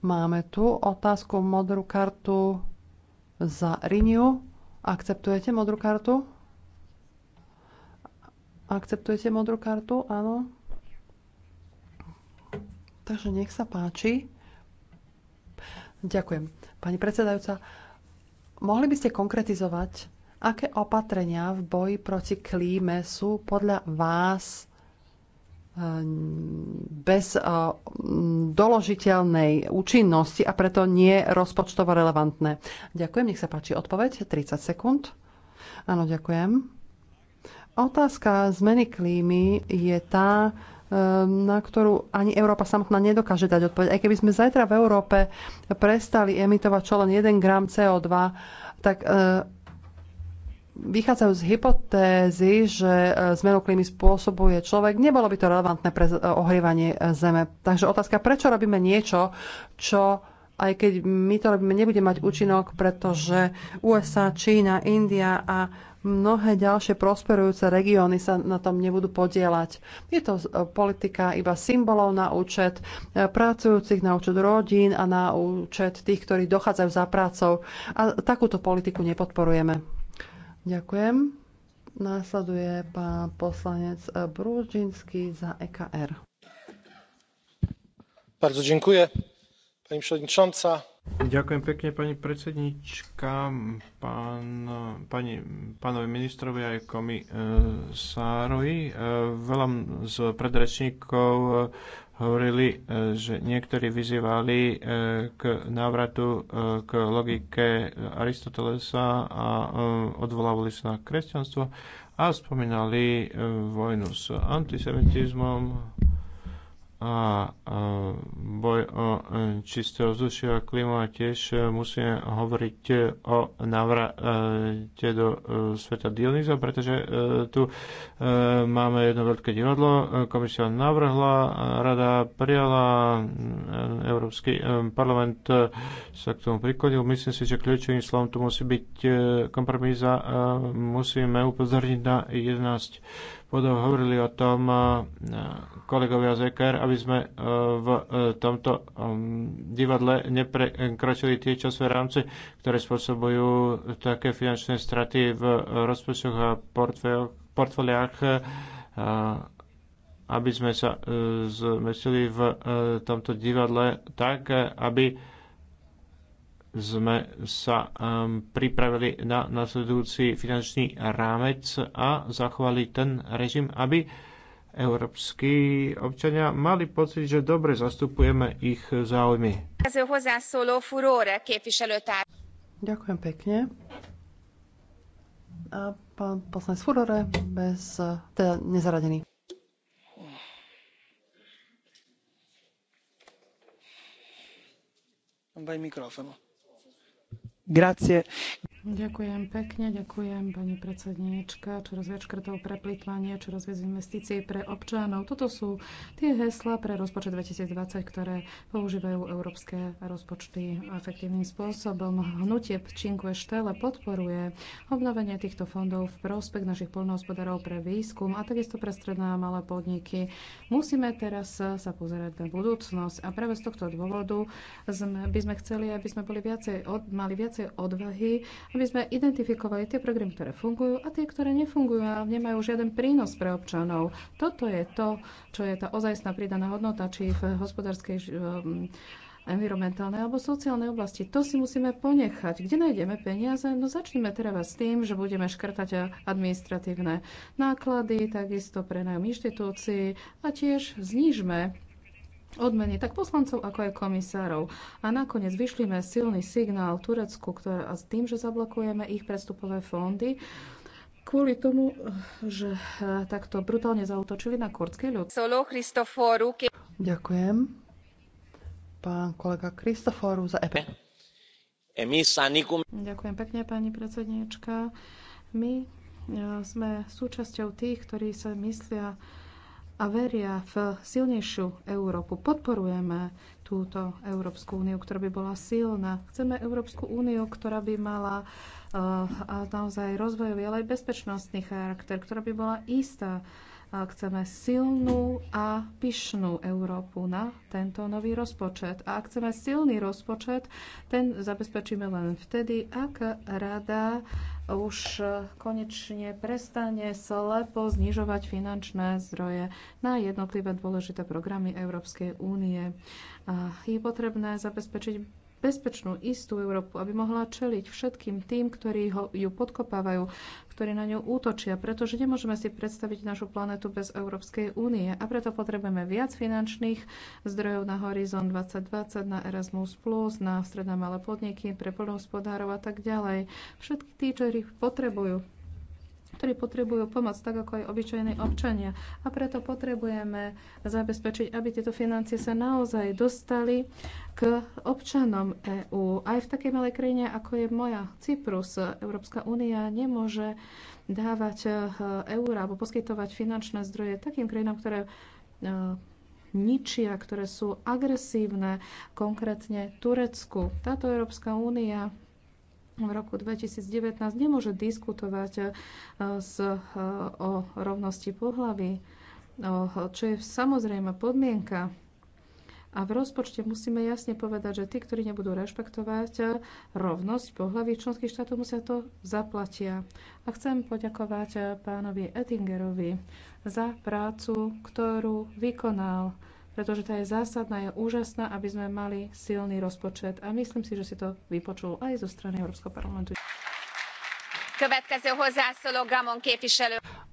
Máme tu otázku modrú kartu za Riniu. Akceptujete modrú kartu? Akceptujete modrú kartu? Áno. Takže nech sa páči. Ďakujem. Pani predsedajúca, mohli by ste konkretizovať, aké opatrenia v boji proti klíme sú podľa vás bez eh, doložiteľnej účinnosti a preto nie rozpočtovo relevantné. Ďakujem, nech sa páči odpoveď, 30 sekúnd. Áno, ďakujem. Otázka zmeny klímy je tá, eh, na ktorú ani Európa samotná nedokáže dať odpoveď. Aj keby sme zajtra v Európe prestali emitovať čo len 1 gram CO2, tak eh, vychádzajú z hypotézy, že e, zmenu klímy spôsobuje človek, nebolo by to relevantné pre e, ohrievanie e, Zeme. Takže otázka, prečo robíme niečo, čo aj keď my to robíme, nebude mať účinok, pretože USA, Čína, India a mnohé ďalšie prosperujúce regióny sa na tom nebudú podielať. Je to politika iba symbolov na účet pracujúcich, na účet rodín a na účet tých, ktorí dochádzajú za prácou. A takúto politiku nepodporujeme. Ďakujem. Následuje pán poslanec Brúžinský za
EKR.
Bardzo dziękuję.
Pani przewodnicząca,
Ďakujem pekne, pani predsednička, pán, pani, pánovi ministrovi aj komisárovi. Veľa z predrečníkov hovorili, že niektorí vyzývali eh, k návratu eh, k logike Aristotelesa a eh, odvolávali sa na kresťanstvo a spomínali vojnu s antisemitizmom a boj o e, čisté ovzdušie a klímu a tiež e, musíme hovoriť e, o návrate do sveta Dionýza, pretože tu máme jedno veľké divadlo. Komisia navrhla, rada prijala, Európsky parlament sa k tomu priklonil. Myslím si, že kľúčovým slovom tu musí byť kompromis a musíme upozorniť na 11 budú hovorili o tom eh, kolegovia z EKR, aby sme eh, v eh, tomto mm, divadle neprekročili tie časové rámce, ktoré spôsobujú také finančné straty v rozpočtoch a portfóliách aby sme sa zmestili v tomto divadle tak, aby sme sa um, pripravili na nasledujúci finančný rámec a zachovali ten režim, aby európsky občania mali pocit, že dobre zastupujeme ich záujmy.
Ďakujem pekne. A pán poslanec Furore, bez, teda nezaradený.
Vai microfono grazie Ďakujem pekne, ďakujem pani predsedníčka. Čoraz viac škrtov pre plýtvanie, čoraz viac investícií pre občanov. Toto sú tie hesla pre rozpočet 2020, ktoré používajú európske rozpočty efektívnym spôsobom. Hnutie Činkue Štele podporuje obnovenie týchto fondov v prospech našich poľnohospodárov pre výskum a takisto pre stredné a malé podniky. Musíme teraz sa pozerať na budúcnosť a práve z tohto dôvodu sme, by sme chceli, aby sme boli viacej, od, mali viacej odvahy aby sme identifikovali tie programy, ktoré fungujú a tie, ktoré nefungujú a nemajú žiaden prínos pre občanov. Toto je to, čo je tá ozajstná pridaná hodnota, či v hospodárskej um, environmentálnej alebo sociálnej oblasti. To si musíme ponechať. Kde nájdeme peniaze? No začneme teraz s tým, že budeme škrtať administratívne náklady, takisto pre nám inštitúcií a tiež znížme odmeny tak poslancov, ako aj komisárov. A nakoniec vyšlíme silný signál Turecku, ktoré, a s tým, že zablokujeme ich prestupové fondy, kvôli tomu, že eh, takto brutálne zautočili na kurdský ľud. Ďakujem. Pán kolega Kristoforu za EP.
Ďakujem pekne,
pani predsedníčka. My eh, sme súčasťou tých, ktorí sa myslia, a veria v silnejšiu Európu. Podporujeme túto Európsku úniu, ktorá by bola silná. Chceme Európsku úniu, ktorá by mala uh, naozaj rozvojový, ale aj bezpečnostný charakter, ktorá by bola istá. A chceme silnú a pyšnú Európu na tento nový rozpočet. A ak chceme silný rozpočet, ten zabezpečíme len vtedy, ak rada už e, konečne prestane slepo znižovať finančné zdroje na jednotlivé dôležité programy Európskej únie. Je potrebné zabezpečiť bezpečnú, istú Európu, aby mohla čeliť všetkým tým, ktorí ho, ju podkopávajú, ktorí na ňu útočia, pretože nemôžeme si predstaviť našu planetu bez Európskej únie a preto potrebujeme viac finančných zdrojov na Horizon 2020, na Erasmus+, na stredná malé podniky, pre poľnohospodárov a tak ďalej. Všetky tí, ktorí potrebujú ktorí potrebujú pomoc, tak ako aj obyčajní občania. A preto potrebujeme zabezpečiť, aby tieto financie sa naozaj dostali k občanom EÚ. Aj v takej malej krajine, ako je moja Cyprus, Európska únia nemôže dávať eh, eur alebo poskytovať finančné zdroje takým krajinám, ktoré eh, ničia, ktoré sú agresívne, konkrétne Turecku. Táto Európska únia v roku 2019 nemôže diskutovať e, s, e, o rovnosti pohlavy, e, čo je samozrejme podmienka. A v rozpočte musíme jasne povedať, že tí, ktorí nebudú rešpektovať rovnosť pohľavy členských štátov, musia to zaplatia. A chcem poďakovať pánovi Ettingerovi za prácu, ktorú vykonal pretože tá je zásadná, je úžasná, aby sme mali silný rozpočet. A myslím si, že si to vypočul aj zo strany Európskeho parlamentu.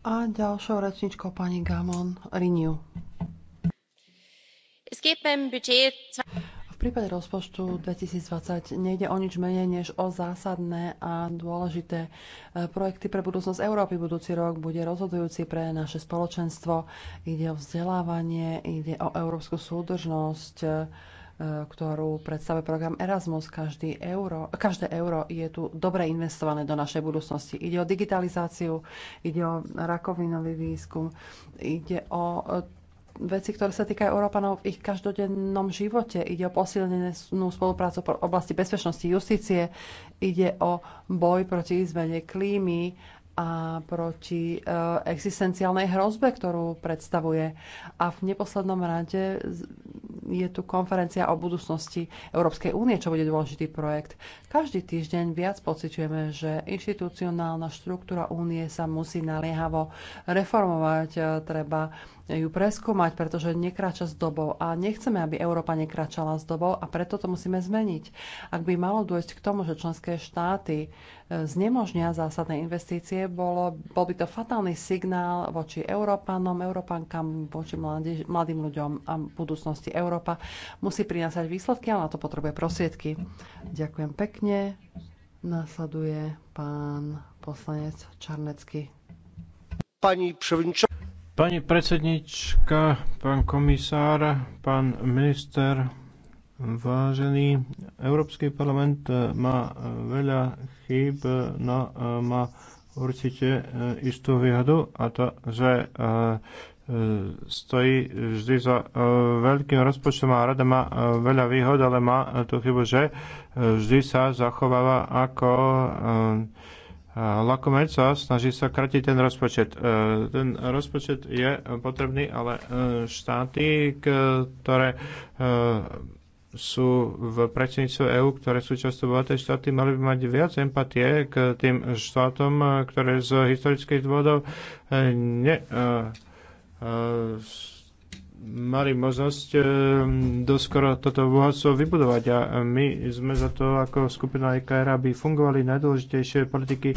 A ďalšou rečničkou pani Gamon Riniu. V prípade rozpočtu 2020 nejde o nič menej než o zásadné a dôležité e, projekty pre budúcnosť Európy. Budúci rok bude rozhodujúci pre naše spoločenstvo. Ide o vzdelávanie, ide o európsku súdržnosť, e, ktorú predstavuje program Erasmus. Každý euro, každé euro je tu dobre investované do našej budúcnosti. Ide o digitalizáciu, ide o rakovinový výskum, ide o veci, ktoré sa týkajú Európanov v ich každodennom živote. Ide o posilnenú spoluprácu v oblasti bezpečnosti justície, ide o boj proti zmene klímy a proti e, existenciálnej hrozbe, ktorú predstavuje. A v neposlednom rade je tu konferencia o budúcnosti Európskej únie, čo bude dôležitý projekt. Každý týždeň viac pociťujeme, že inštitucionálna štruktúra únie sa musí naliehavo reformovať. E, treba ju preskúmať, pretože nekráča s dobou a nechceme, aby Európa nekráčala s dobou a preto to musíme zmeniť. Ak by malo dôjsť k tomu, že členské štáty e, znemožnia zásadné investície, bolo, bol by to fatálny signál voči Európanom, Európankám, voči mladí, mladým ľuďom a budúcnosti Európa. Musí prinásať výsledky, ale na to potrebuje prosiedky. Ďakujem pekne. Nasleduje pán poslanec Čarnecký.
Pani przewodnicząca! Pani predsednička, pán komisár, pán minister, vážený Európsky parlament eh, má eh, veľa chýb, eh, no má určite istú výhodu a to, že stojí vždy za veľkým rozpočtom a rada má veľa výhod, ale má tú chybu, že vždy sa zachováva ako Lakomer sa snaží sa kratiť ten rozpočet. E, ten rozpočet je potrebný, ale e, štáty, ktoré e, sú v predsedníctve EÚ, ktoré sú často bohaté štáty, mali by mať viac empatie k tým štátom, ktoré z historických dôvodov ne, mali možnosť eh, doskoro toto bohatstvo vybudovať a eh, my sme za to ako skupina EKR, aby fungovali najdôležitejšie politiky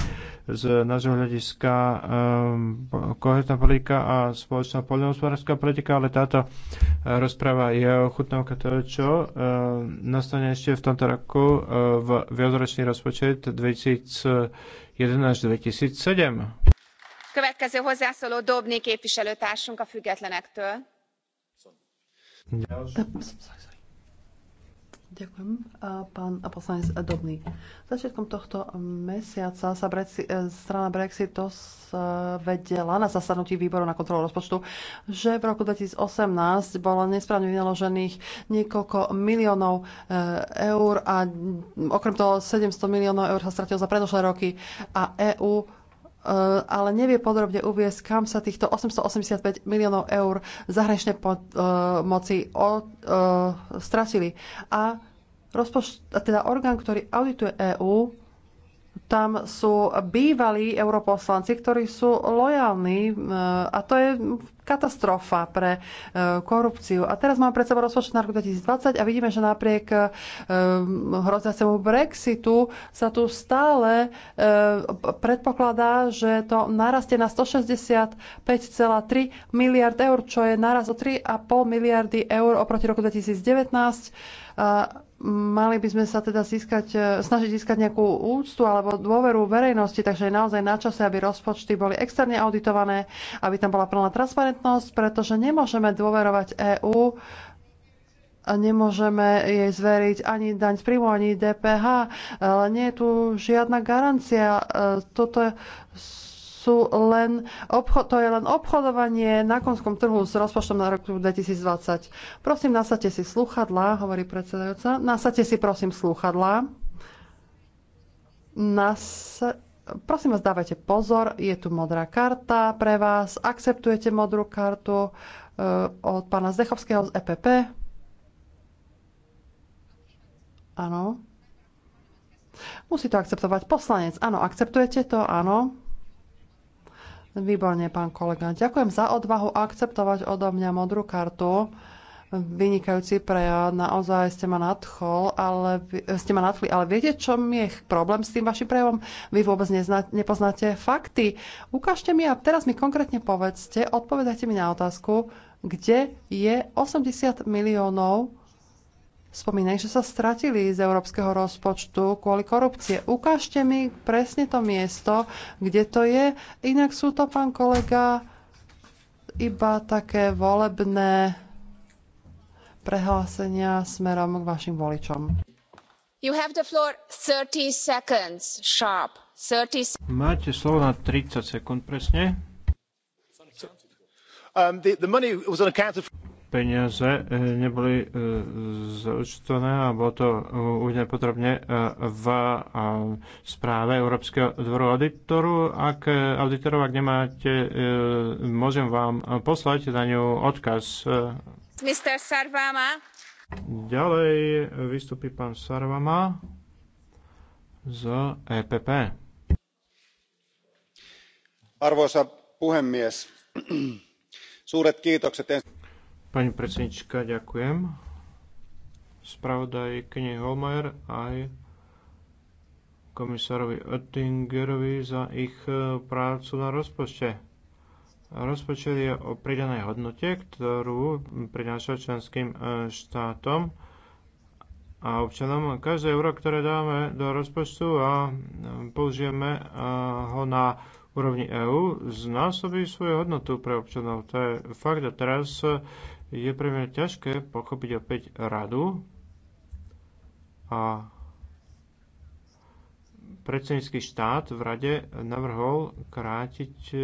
z nášho hľadiska eh, kohetná politika a spoločná poľnohospodárska politika, ale táto rozpráva je ochutnávka toho, čo nastane ešte v tomto roku v viacročný rozpočet 2011 2007.
Következő hozzászóló Dobni képviselőtársunk a függetlenektől.
Ďakujem. Pán poslanec Dobný. Začiatkom tohto mesiaca sa Brexit, e, strana Brexitos vedela na zasadnutí výboru na kontrolu rozpočtu, že v roku 2018 bolo nesprávne vynaložených niekoľko miliónov e, eur a okrem toho 700 miliónov eur sa stratilo za predošlé roky a EÚ Eh, ale nevie podrobne uviesť, kam sa týchto 885 miliónov eur zahraničnej eh, moci eh, stratili. A, a teda orgán, ktorý audituje EÚ, tam sú bývalí europoslanci, ktorí sú lojálni e, a to je katastrofa pre e, korupciu. A teraz máme pred sebou rozpočet na rok 2020 a vidíme, že napriek e, hrozacemu Brexitu sa tu stále predpokladá, že to narastie na 165,3 miliard eur, čo je naraz o 3,5 miliardy eur oproti roku 2019 mali by sme sa teda získať, e, snažiť získať nejakú úctu alebo dôveru verejnosti, takže je naozaj na čase, aby rozpočty boli externe auditované, aby tam bola plná transparentnosť, pretože nemôžeme dôverovať EÚ, a nemôžeme jej zveriť ani daň z príjmu, ani DPH, ale nie je tu žiadna garancia. E, toto sú len obcho- to je len obchodovanie na konskom trhu s rozpočtom na rok 2020. Prosím, nasadte si sluchadlá, hovorí predsedajúca. Nasadte si, prosím, sluchadlá. Nas... Prosím vás, dávajte pozor, je tu modrá karta pre vás. Akceptujete modrú kartu e, od pána Zdechovského z EPP? Áno. Musí to akceptovať poslanec. Áno, akceptujete to? Áno. Výborne, pán kolega. Ďakujem za odvahu akceptovať odo mňa modrú kartu. Vynikajúci prejav, naozaj ste ma nadchol, ale ste ma nadchli, ale viete, čo mi je problém s tým vašim prejavom? Vy vôbec nezna, nepoznáte fakty. Ukážte mi a teraz mi konkrétne povedzte, odpovedajte mi na otázku, kde je 80 miliónov Spomínaj, že sa stratili z európskeho rozpočtu kvôli korupcie. Ukážte mi presne to miesto, kde to je. Inak sú to, pán kolega, iba také volebné prehlásenia smerom k vašim voličom.
You have the floor 30 seconds sharp. 30
Máte slovo na 30 sekúnd presne. Um, the, the money was on account peniaze e, neboli e, zaučtované a bolo to úplne e, potrebne v správe Európskeho dvoru auditoru. Ak auditorov, ak nemáte, môžem vám poslať na ňu odkaz.
Mr. Sarvama.
Ďalej vystupí pán Sarvama z EPP.
Arvoisa puhemies, suuret kiitokset.
Pani predsednička, ďakujem. Spravodaj Kenny Holmer aj komisárovi Oettingerovi za ich e, prácu na rozpočte. Rozpočet je o pridanej hodnote, ktorú prináša členským e, štátom a občanom. Každé euro, ktoré dáme do rozpočtu a e, použijeme ho na úrovni EÚ, znásobí svoju hodnotu pre občanov. To je fakt a teraz je pre mňa ťažké pochopiť opäť radu a predsednícky štát v rade navrhol krátiť e,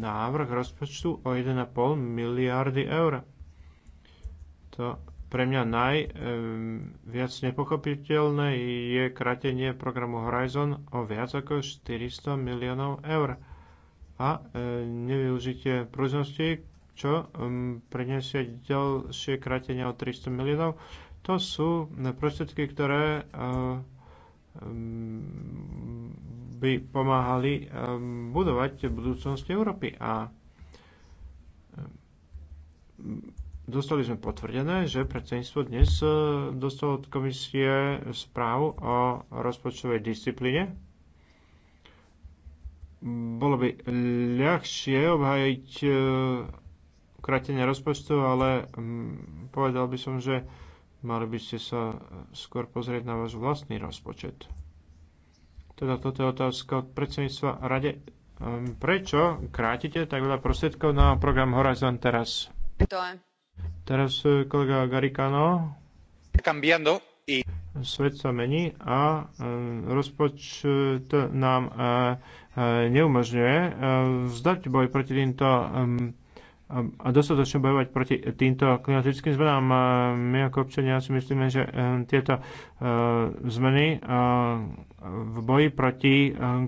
návrh rozpočtu o 1,5 miliardy eur. To pre mňa najviac e, nepochopiteľné je kratenie programu Horizon o viac ako 400 miliónov eur a e, nevyužitie pružnosti, čo preniesie ďalšie krátenie o 300 miliónov. To sú prostriedky, ktoré e, by pomáhali budovať budúcnosť Európy. A dostali sme potvrdené, že predsedníctvo dnes e, dostalo od komisie správu o rozpočtovej disciplíne bolo by ľahšie obhájiť e, kratenie rozpočtu, ale mm, povedal by som, že mali by ste sa skôr pozrieť na váš vlastný rozpočet. Teda toto je otázka od predsedníctva rade. E, prečo krátite tak veľa prostriedkov na program Horizon teraz? je. Teraz e, kolega Garikano.
Cambiando
svet sa mení a e, rozpočet nám e, e, neumožňuje vzdať boj proti týmto a dostatočne bojovať proti týmto klimatickým zmenám. My ako občania si myslíme, že tieto zmeny v boji proti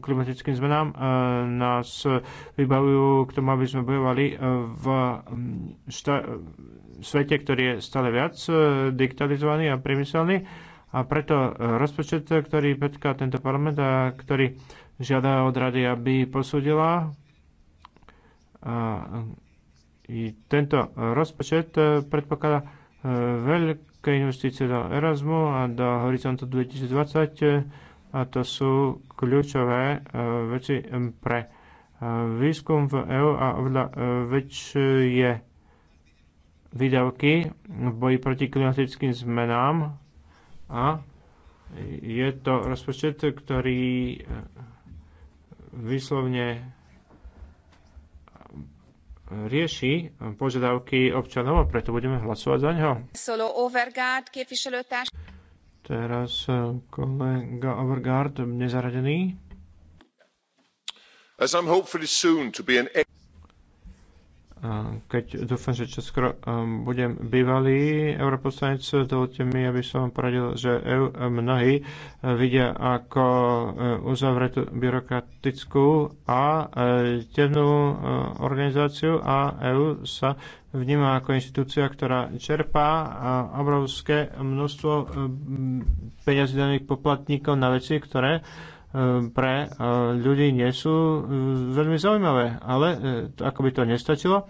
klimatickým zmenám nás vybavujú k tomu, aby sme bojovali v svete, ktorý je stále viac diktalizovaný a priemyselný a preto e, rozpočet, ktorý predká tento parlament a ktorý žiada od rady, aby posúdila i tento rozpočet e, predpokladá e, veľké investície do Erasmu a do Horizontu 2020 a to sú kľúčové veci pre výskum v EU a oveľa väčšie výdavky v boji proti klimatickým zmenám a je to rozpočet, ktorý eh, vyslovne eh, rieši požiadavky občanov a preto budeme hlasovať za ňo. Teraz eh, kolega Overgaard, nezaradený.
As I'm hopefully soon to be an
keď dúfam, že čoskoro um, budem bývalý europoslanec, dovolte mi, aby som vám poradil, že EU mnohí uh, vidia ako uh, uzavretú byrokratickú a uh, temnú organizáciu a EU sa vníma ako inštitúcia, ktorá čerpá obrovské množstvo peňazí daných poplatníkov na veci, ktoré pre e, ľudí nie sú e, veľmi zaujímavé. Ale e, ako by to nestačilo,